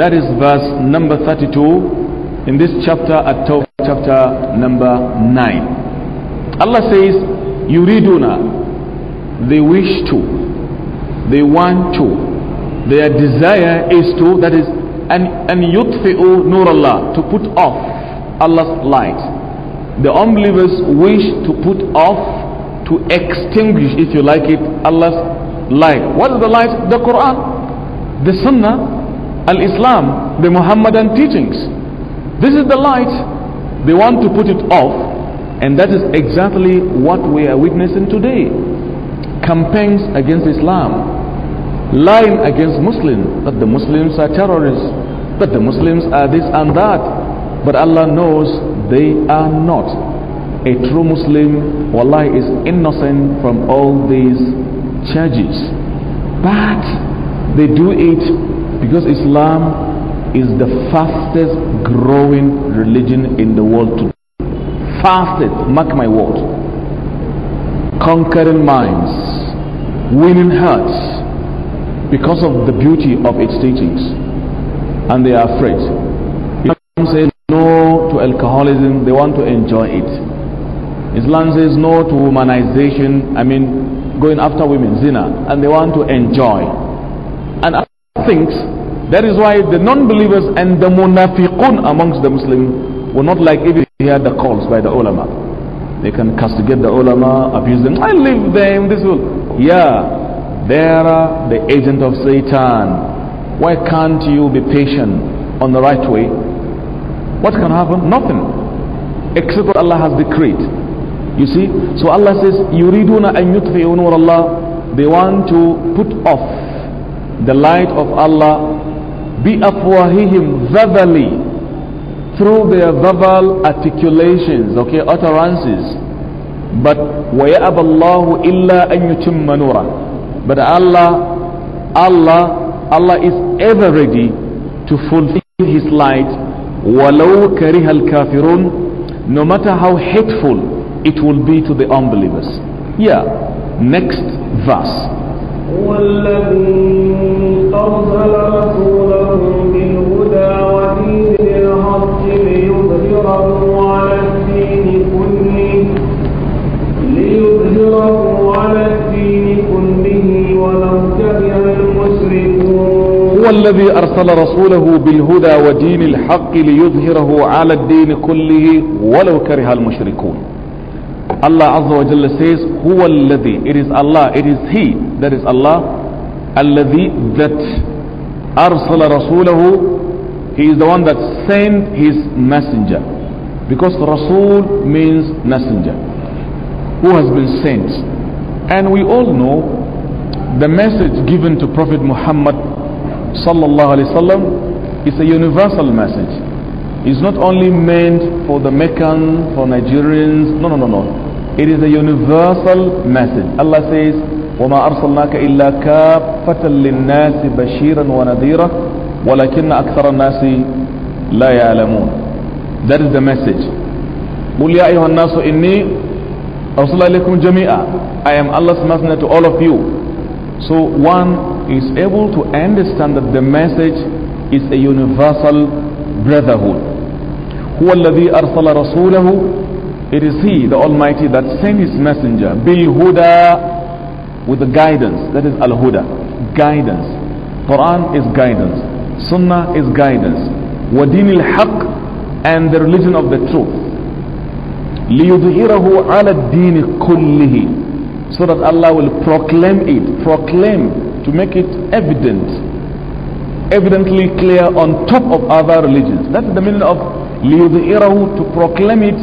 That is verse number 32 in this chapter at chapter number 9. Allah says yuriduna they wish to they want to their desire is to that is an an yutfi'u nur to put off Allah's light the unbelievers wish to put off, to extinguish, if you like it, Allah's light. What is the light? The Quran, the Sunnah, Al Islam, the Muhammadan teachings. This is the light. They want to put it off, and that is exactly what we are witnessing today. Campaigns against Islam, lying against Muslims, that the Muslims are terrorists, that the Muslims are this and that. But Allah knows they are not. A true Muslim, wallahi, is innocent from all these charges. But they do it because Islam is the fastest growing religion in the world today. Fastest, mark my word. Conquering minds, winning hearts because of the beauty of its teachings. And they are afraid. Islam says, no to alcoholism, they want to enjoy it. Islam says no to womanization, I mean going after women, zina, and they want to enjoy. And other things, that is why the non-believers and the munafiqun amongst the Muslims will not like even hear the calls by the ulama. They can castigate the ulama, abuse them. I leave them, this will. Yeah, they are the agent of Satan. Why can't you be patient on the right way? What can happen? Nothing. Except what Allah has decreed. You see? So Allah says, Yuriduna an yutfi'u nur Allah. They want to put off the light of Allah bi afwahihim verbally through their verbal articulations, okay, utterances. But وَيَأَبَ اللَّهُ إِلَّا أَن يُتِمَّ But Allah, Allah, Allah is ever ready to fulfill His light وَلَوْ كَرِهَ الْكَافِرُونَ No matter how hateful it will be to the unbelievers. Yeah. Next verse. الذي أرسل رسوله بالهدى ودين الحق ليظهره على الدين كله ولو كره المشركون الله عز وجل says هو الذي it is Allah it is he that is Allah الذي that أرسل رسوله he is the one that sent his messenger because رسول means messenger who has been sent and we all know the message given to Prophet Muhammad sallallahu alaihi wasallam is a universal message. It's not only meant for the Meccan, for Nigerians. No, no, no, no. It is a universal message. Allah says, وما أرسلناك إلا كافة للناس بشيرا ونذيرا ولكن أكثر الناس لا يعلمون That is the message قل يا أيها الناس إني أرسل إليكم جميعا I am Allah's messenger to all of you so one is able to understand that the message is a universal brotherhood. هو الذي أرسل رسوله It is He, the Almighty, that sent His messenger بالهدى with the guidance. That is al-huda, guidance. Quran is guidance. Sunnah is guidance. ودين الحق and the religion of the truth. ليظهره على الدين كله so that Allah will proclaim it, proclaim to make it evident, evidently clear on top of other religions. That is the meaning of لِيُظْهِرَهُ to proclaim it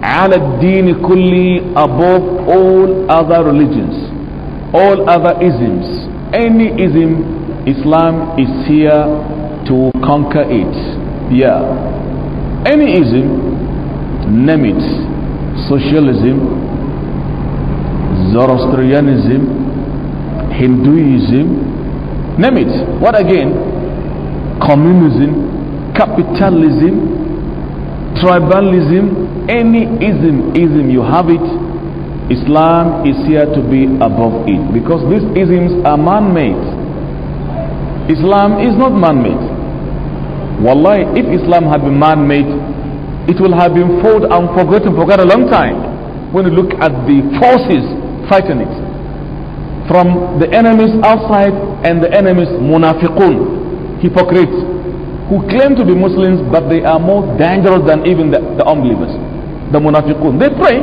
عَلَى الدِّينِ kulli above all other religions, all other isms. Any ism, Islam is here to conquer it. Yeah. Any ism, name it, socialism, Zoroastrianism, Hinduism, name it. What again? Communism, capitalism, tribalism, any ism, ism, you have it. Islam is here to be above it because these isms are man-made. Islam is not man-made. Wallahi, if Islam had been man-made, it will have been fought and forgotten, for quite a long time. When you look at the forces fighting it from the enemies outside and the enemies munafiqun hypocrites who claim to be muslims but they are more dangerous than even the, the unbelievers the munafiqun they pray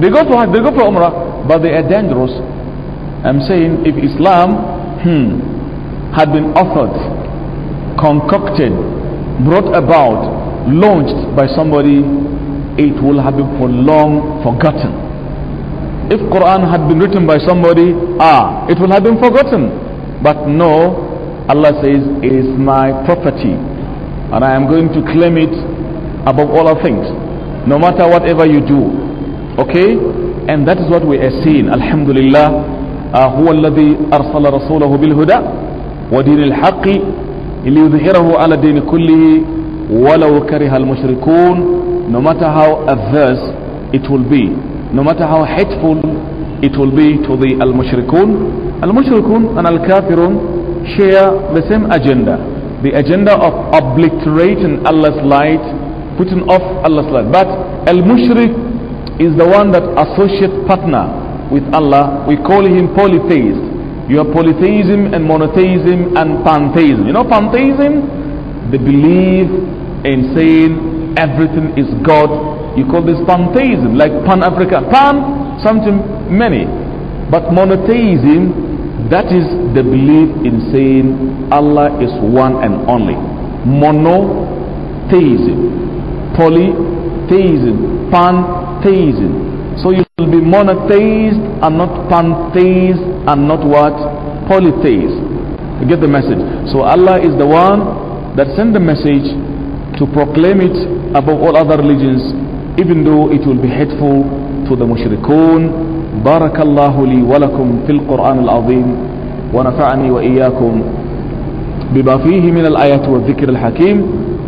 they go to hajj they go for umrah but they are dangerous i'm saying if islam hmm, had been offered, concocted brought about launched by somebody it will have been for long forgotten if Quran had been written by somebody, ah, it will have been forgotten. But no, Allah says, it is my property. And I am going to claim it above all other things. No matter whatever you do. Okay? And that is what we are seeing. Alhamdulillah. هو الذي أرسل رسوله بالهدى ودين الحق ليظهره على الدين كله ولو كره المشركون no matter how adverse it will be no matter how hateful it will be to the al-mushrikun al-mushrikun and al-kafirun share the same agenda the agenda of obliterating Allah's light putting off Allah's light but al-mushrik is the one that associate partner with Allah we call him polytheist you have polytheism and monotheism and pantheism you know pantheism they believe in saying everything is God you call this pantheism, like pan Africa. Pan, something many. But monotheism, that is the belief in saying Allah is one and only. Monotheism, polytheism, pantheism. So you will be monotheist and not pantheist and not what? Polytheist. You get the message. So Allah is the one that sent the message to proclaim it above all other religions even though it will be hateful to the mushrikun بارك الله لي ولكم في القرآن العظيم ونفعني وإياكم بما فيه من الآيات والذكر الحكيم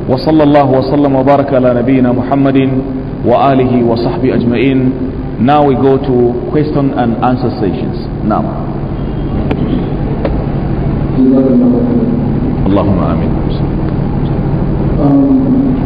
وصلى الله وسلم وبارك على نبينا محمد وآله وصحبه أجمعين Now we go to question and answer sessions. Now. اللهم آمين. Um,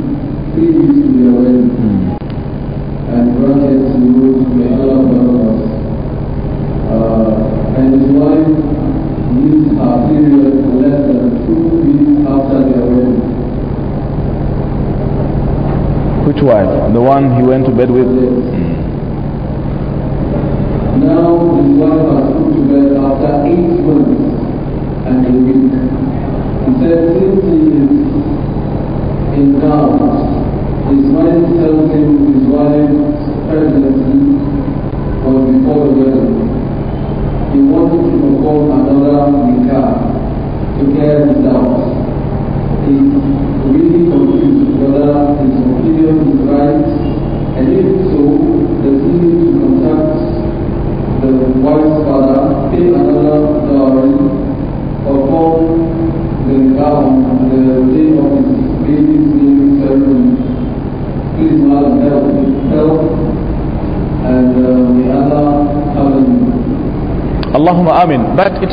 three weeks to their wedding. And brackets may Allah help and his wife used her period less than two weeks after their wedding. Which wife? The one he went to bed with? Yes. Now his wife has put to bed after eight months and a week.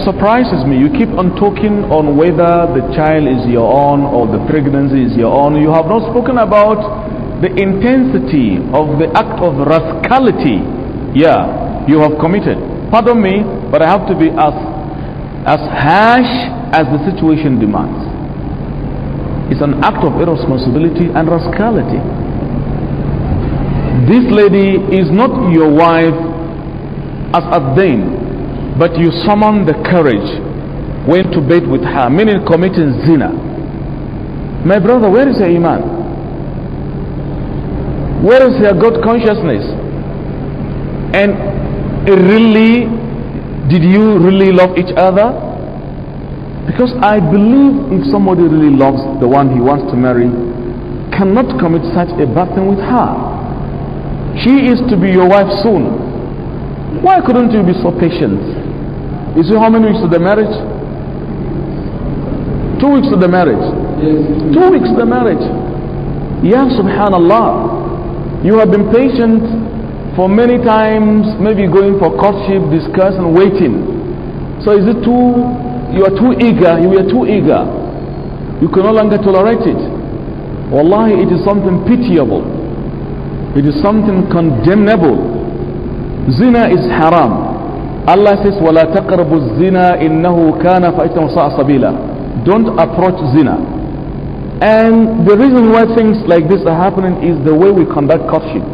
surprises me. You keep on talking on whether the child is your own or the pregnancy is your own. You have not spoken about the intensity of the act of rascality. Yeah, you have committed. Pardon me, but I have to be as as harsh as the situation demands. It's an act of irresponsibility and rascality. This lady is not your wife as a dame but you summon the courage went to bed with her meaning committing zina my brother where is your iman where is your god consciousness and really did you really love each other because i believe if somebody really loves the one he wants to marry cannot commit such a bad thing with her she is to be your wife soon why couldn't you be so patient you see how many weeks of the marriage? Two weeks of the marriage. Yes. Two weeks of the marriage. Yeah, subhanallah. You have been patient for many times, maybe going for courtship, discuss and waiting. So is it too, you are too eager, you are too eager. You can no longer tolerate it. Wallahi, it is something pitiable. It is something condemnable. Zina is haram. Allah says, وَلَا تَقْرَبُ الزِّنَا إِنَّهُ كَانَ فَإِتَّهُ سَاءَ سَبِيلًا Don't approach zina. And the reason why things like this are happening is the way we conduct courtship.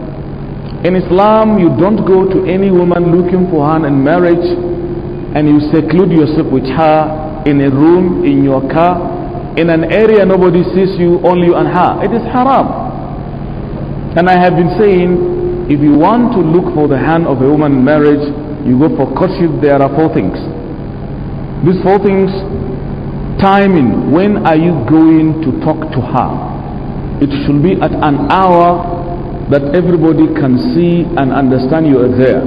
In Islam, you don't go to any woman looking for her in marriage and you seclude yourself with her in a room, in your car, in an area nobody sees you, only you and her. It is haram. And I have been saying, if you want to look for the hand of a woman in marriage, you go for courtship, there are four things. These four things timing, when are you going to talk to her? It should be at an hour that everybody can see and understand you are there.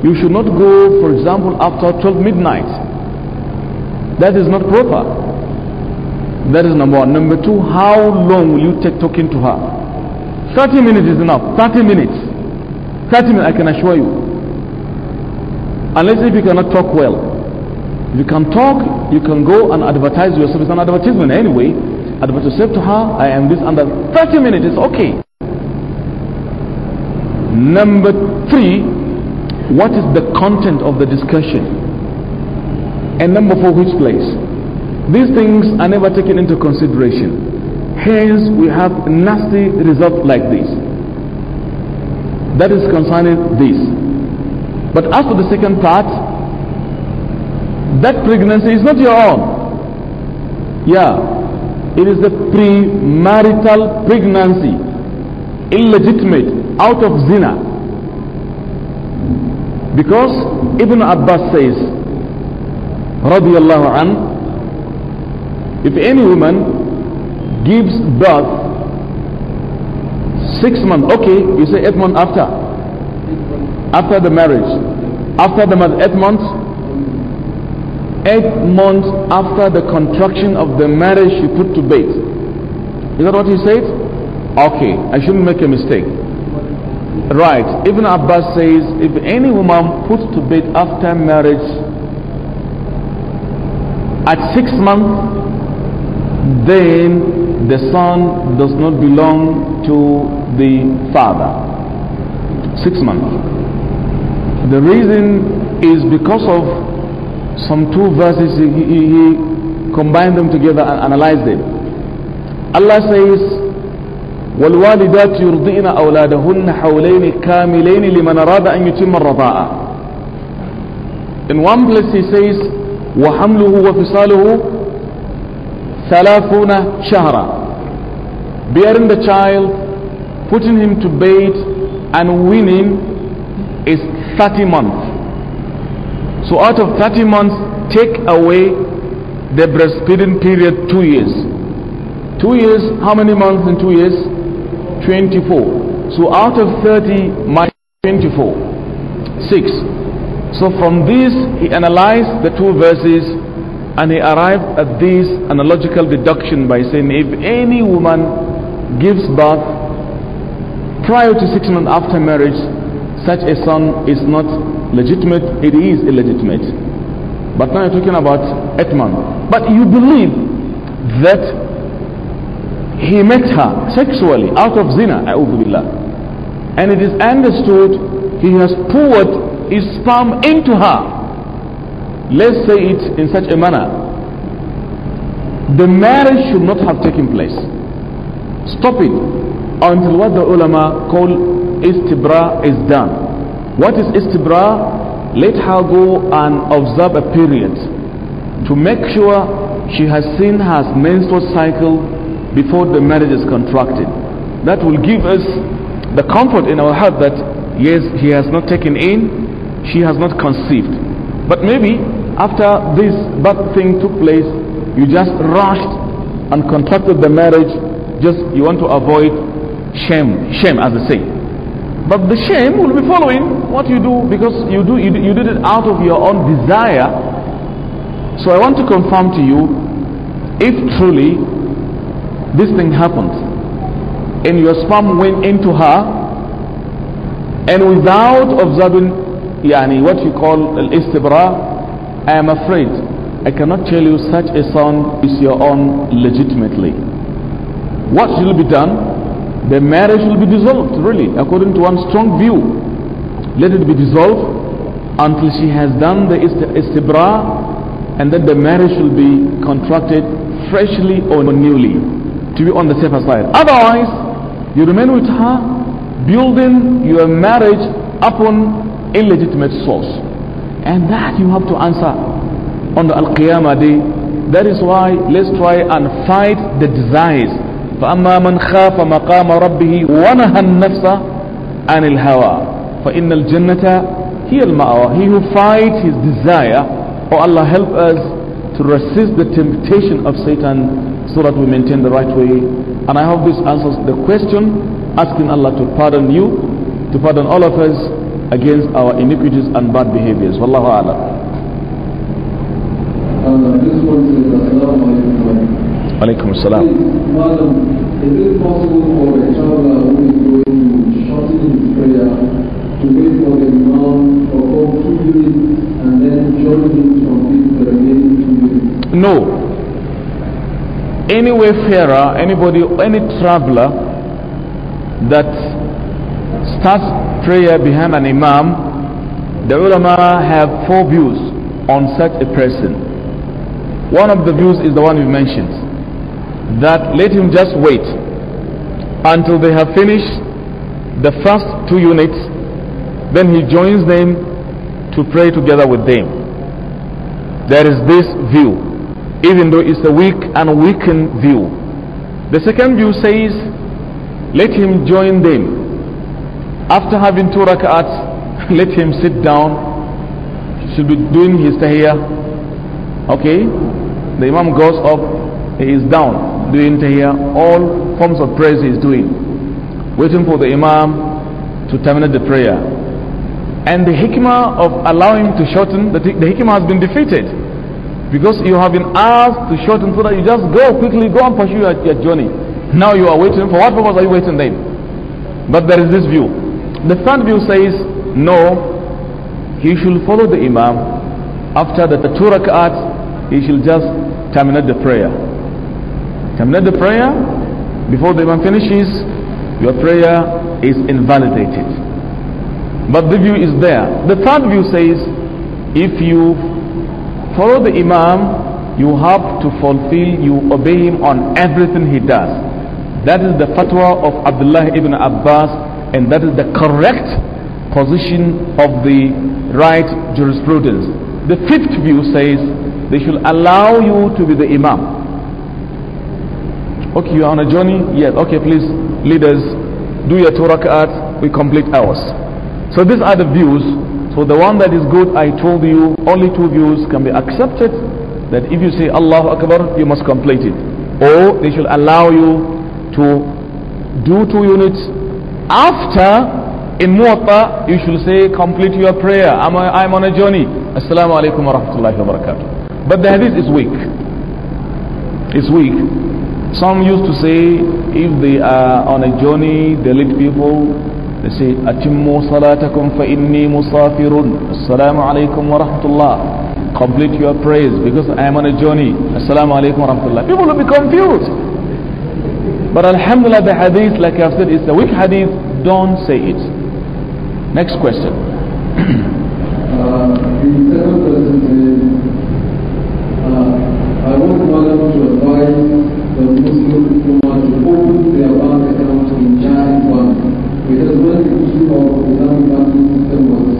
You should not go, for example, after 12 midnight. That is not proper. That is number one. Number two, how long will you take talking to her? 30 minutes is enough. 30 minutes. 30 minutes, I can assure you. Unless if you cannot talk well. if You can talk, you can go and advertise yourself. It's an advertisement anyway. Advertise yourself to her, I am this under 30 minutes, it's okay. Number three, what is the content of the discussion? And number four, which place? These things are never taken into consideration. Hence, we have nasty result like this. That is concerning this. But as for the second part, that pregnancy is not your own. Yeah, it is the premarital pregnancy, illegitimate, out of zina. Because Ibn Abbas says, radiallahu an, if any woman gives birth six months, okay, you say eight months after after the marriage, after the eight months, eight months after the contraction of the marriage she put to bed. Is that what he said? Okay, I shouldn't make a mistake. Right, Even Abbas says if any woman puts to bed after marriage at six months, then the son does not belong to the father. Six months. The reason is because of some two verses he, he, he combined them together and analyzed them. Allah says, والوالدات يرضئن أولادهن حولين كاملين لمن أراد أن يتم الرضاعة In one place he says وحمله وفصاله ثلاثون شهرا Bearing the child, putting him to bed and weaning is 30 months. So out of 30 months, take away the breastfeeding period two years. Two years, how many months in two years? 24. So out of 30 minus 24, 6. So from this, he analyzed the two verses and he arrived at this analogical deduction by saying if any woman gives birth prior to six months after marriage, such a son is not legitimate, it is illegitimate. But now you're talking about Etman. But you believe that he met her sexually out of zina, billah. And it is understood he has poured his sperm into her. Let's say it in such a manner. The marriage should not have taken place. Stop it until what the ulama call istibra is done. What is istibra? Let her go and observe a period to make sure she has seen her menstrual cycle before the marriage is contracted. That will give us the comfort in our heart that yes, he has not taken in, she has not conceived. But maybe after this bad thing took place, you just rushed and contracted the marriage, just you want to avoid shame, shame as they say. But the shame will be following what you do because you, do, you, you did it out of your own desire. So I want to confirm to you if truly this thing happened and your sperm went into her and without observing yani, what you call al-istibra, I am afraid I cannot tell you such a son is your own legitimately. What should be done? the marriage will be dissolved, really, according to one strong view. Let it be dissolved until she has done the istibra and then the marriage will be contracted freshly or newly to be on the safer side. Otherwise, you remain with her building your marriage upon illegitimate source. And that you have to answer on the Al Qiyamah day. That is why let's try and fight the desires فأما من خاف مقام ربه ونهى النفس عن الهوى فإن الجنة هي المأوى he who fights his desire oh Allah help us to resist the temptation of Satan so that we maintain the right way and I hope this answers the question asking Allah to pardon you to pardon all of us against our iniquities and bad behaviors wallahu alam Alaikum salam. possible for a child who is to wait for the imam for all and then join No. Any wayfarer, anybody, any traveler that starts prayer behind an imam, the ulama have four views on such a person. One of the views is the one you mentioned that let him just wait until they have finished the first two units then he joins them to pray together with them there is this view even though it's a weak and weakened view the second view says let him join them after having two rak'ats let him sit down he should be doing his tahiyyah okay the imam goes up he is down doing tahiyya, all forms of praise he is doing, waiting for the imam to terminate the prayer. And the hikmah of allowing to shorten, the, the hikmah has been defeated because you have been asked to shorten so that you just go quickly, go and pursue your, your journey. Now you are waiting. For what purpose are you waiting then? But there is this view. The third view says, no, he should follow the imam. After the two rak'at, he should just terminate the prayer terminate the prayer before the imam finishes your prayer is invalidated but the view is there the third view says if you follow the imam you have to fulfill you obey him on everything he does that is the fatwa of abdullah ibn abbas and that is the correct position of the right jurisprudence the fifth view says they should allow you to be the imam Okay, you are on a journey? Yes. Okay, please, leaders, do your two rak'at. We complete ours. So these are the views. So the one that is good, I told you, only two views can be accepted. That if you say Allahu Akbar, you must complete it. Or they should allow you to do two units. After, in Muwatta, you should say, complete your prayer. I'm, a, I'm on a journey. Assalamu alaikum wa rahmatullahi wa barakatuh. But the hadith is weak. It's weak. Some used to say if they are on a journey, they lead people, they say, Atimmu salatakum fa inni musafirun. Assalamu alaykum wa rahmatullah. Complete your praise because I am on a journey. Assalamu alaykum wa rahmatullah. People will be confused. But Alhamdulillah, the hadith, like I've said, it's a weak hadith. Don't say it. Next question. uh, the Muslims who want to Islamic banking system was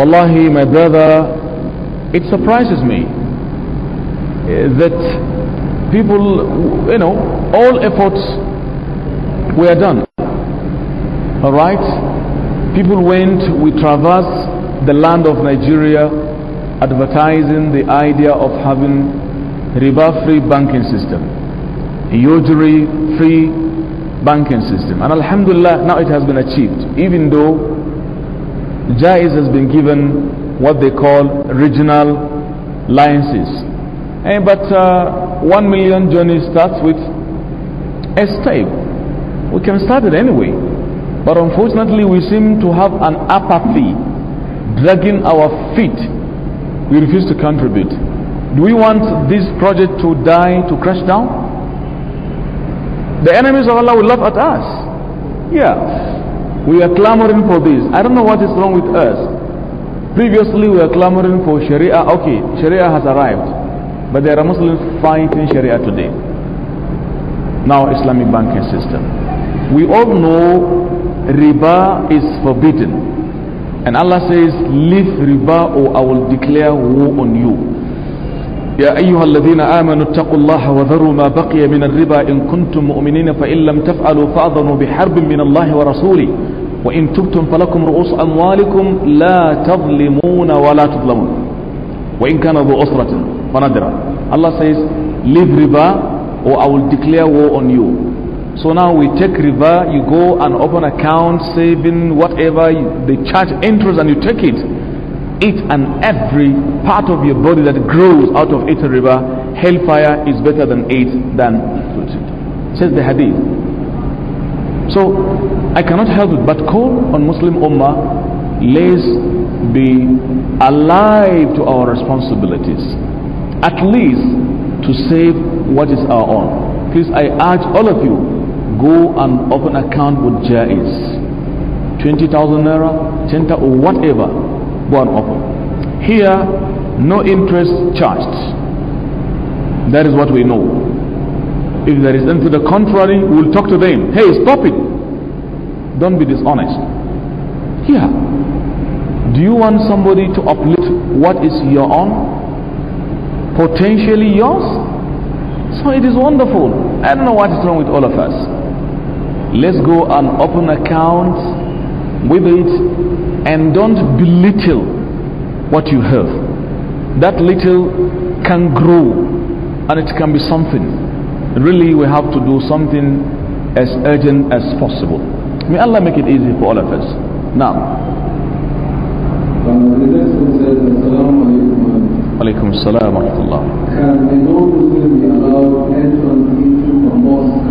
Wallahi, my brother, it surprises me eh, that people, you know, all efforts were done. All right? People went, we traversed the land of Nigeria advertising the idea of having riba free banking system, usury free banking system. And Alhamdulillah, now it has been achieved, even though Jais has been given what they call regional licenses. Hey, eh, but uh, one million journey starts with a step. We can start it anyway. But unfortunately, we seem to have an apathy dragging our feet. We refuse to contribute. Do we want this project to die, to crash down? The enemies of Allah will laugh at us. Yeah, we are clamoring for this. I don't know what is wrong with us. Previously, we were clamoring for Sharia. Okay, Sharia has arrived. But there are Muslims fighting Sharia today. Now, Islamic banking system. We all know riba is forbidden. And Allah says, Leave riba or I will declare war on you. يا أيها الذين آمنوا اتقوا الله وذروا ما بقي من الربا إن كنتم مؤمنين فإن لم تفعلوا فأذنوا بحرب من الله ورسوله وإن تبتم فلكم رؤوس أموالكم لا تظلمون ولا تظلمون وإن كان ذو أسرة فنذرة Allah says leave riba or I will declare war on you so now we take riba you go and open account saving whatever the church enters and you take it each and every part of your body that grows out of it river hellfire is better than it than it says the hadith so I cannot help it but call on Muslim Ummah, let's be alive to our responsibilities, at least to save what is our own. Please, I urge all of you, go and open account with Jais. 20,000 naira, 10,000 or whatever, go and open. Here, no interest charged. That is what we know. If there is anything to the contrary, we'll talk to them. Hey, stop it. Don't be dishonest. Here, Do you want somebody to uplift what is your own? Potentially yours? So it is wonderful. I don't know what is wrong with all of us. Let's go and open accounts with it and don't belittle what you have. That little can grow and it can be something really we have to do something as urgent as possible. May Allah make it easy for all of us. Now. Alaikum salam wa rahmatullah. Can the non-Muslim be allowed entrance into a mosque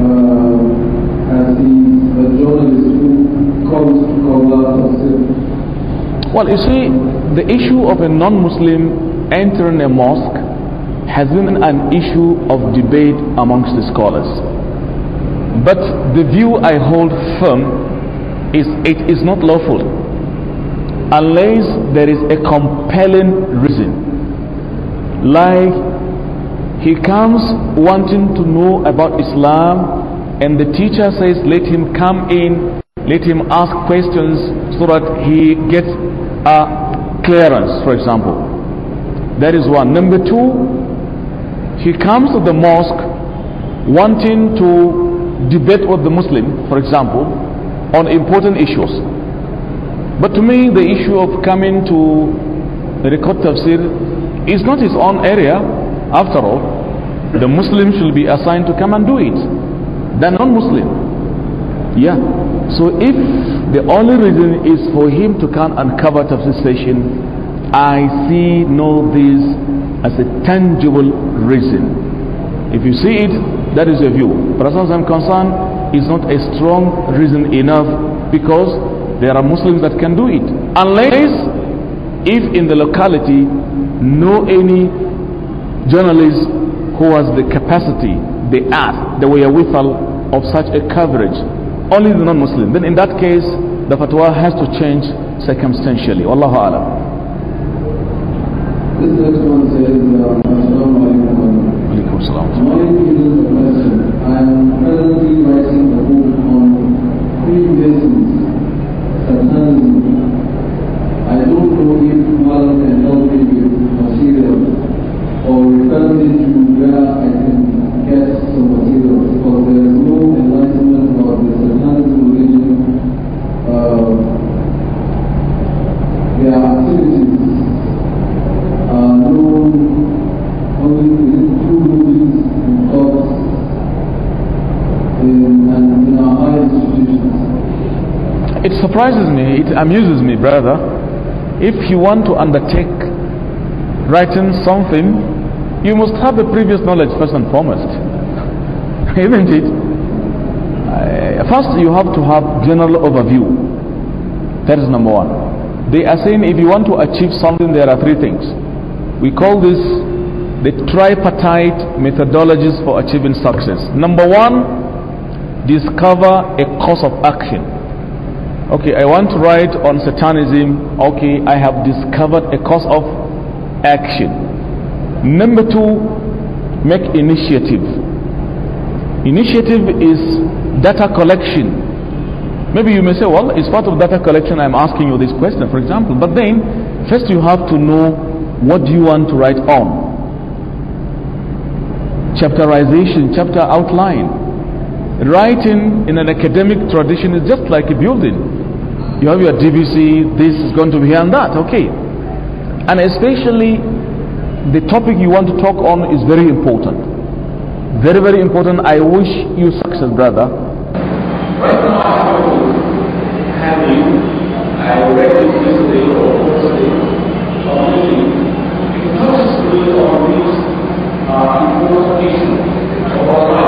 uh, as the journalist who comes to cover himself? Well, you see, the issue of a non-Muslim entering a mosque has been an issue of debate amongst the scholars. But the view I hold firm is it is not lawful unless there is a compelling reason. Like he comes wanting to know about Islam and the teacher says let him come in, let him ask questions so that he gets a clearance, for example. That is one. Number two, he comes to the mosque wanting to debate with the Muslim, for example, on important issues. But to me, the issue of coming to record tafsir is not his own area. After all, the Muslim should be assigned to come and do it. They're non-Muslim. Yeah. So if the only reason is for him to come and cover tafsir station, I see no this as a tangible reason. If you see it, that is your view. But as far as I'm concerned, it's not a strong reason enough because there are Muslims that can do it. Unless if in the locality know any journalist who has the capacity, the art, the wherewithal of such a coverage, only the non-Muslim. Then in that case, the fatwa has to change circumstantially. Wallahu alam. This next one says, uh, Assalamu My question. I am currently writing a book on Freemasons, Satanism. I don't know if one can help me with material or refer me to where and can get some material because there is no enlightenment about the Satanism religion. surprises me, it amuses me, brother. If you want to undertake writing something, you must have a previous knowledge first and foremost. Isn't it? Uh, first, you have to have general overview. That is number one. They are saying if you want to achieve something, there are three things. We call this the tripartite methodologies for achieving success. Number one, discover a course of action okay i want to write on satanism okay i have discovered a course of action number two make initiative initiative is data collection maybe you may say well it's part of data collection i'm asking you this question for example but then first you have to know what do you want to write on chapterization chapter outline writing in an academic tradition is just like a building you have your DBC, this is going to be here and that, okay. And especially the topic you want to talk on is very important. Very, very important. I wish you success, brother. uh, about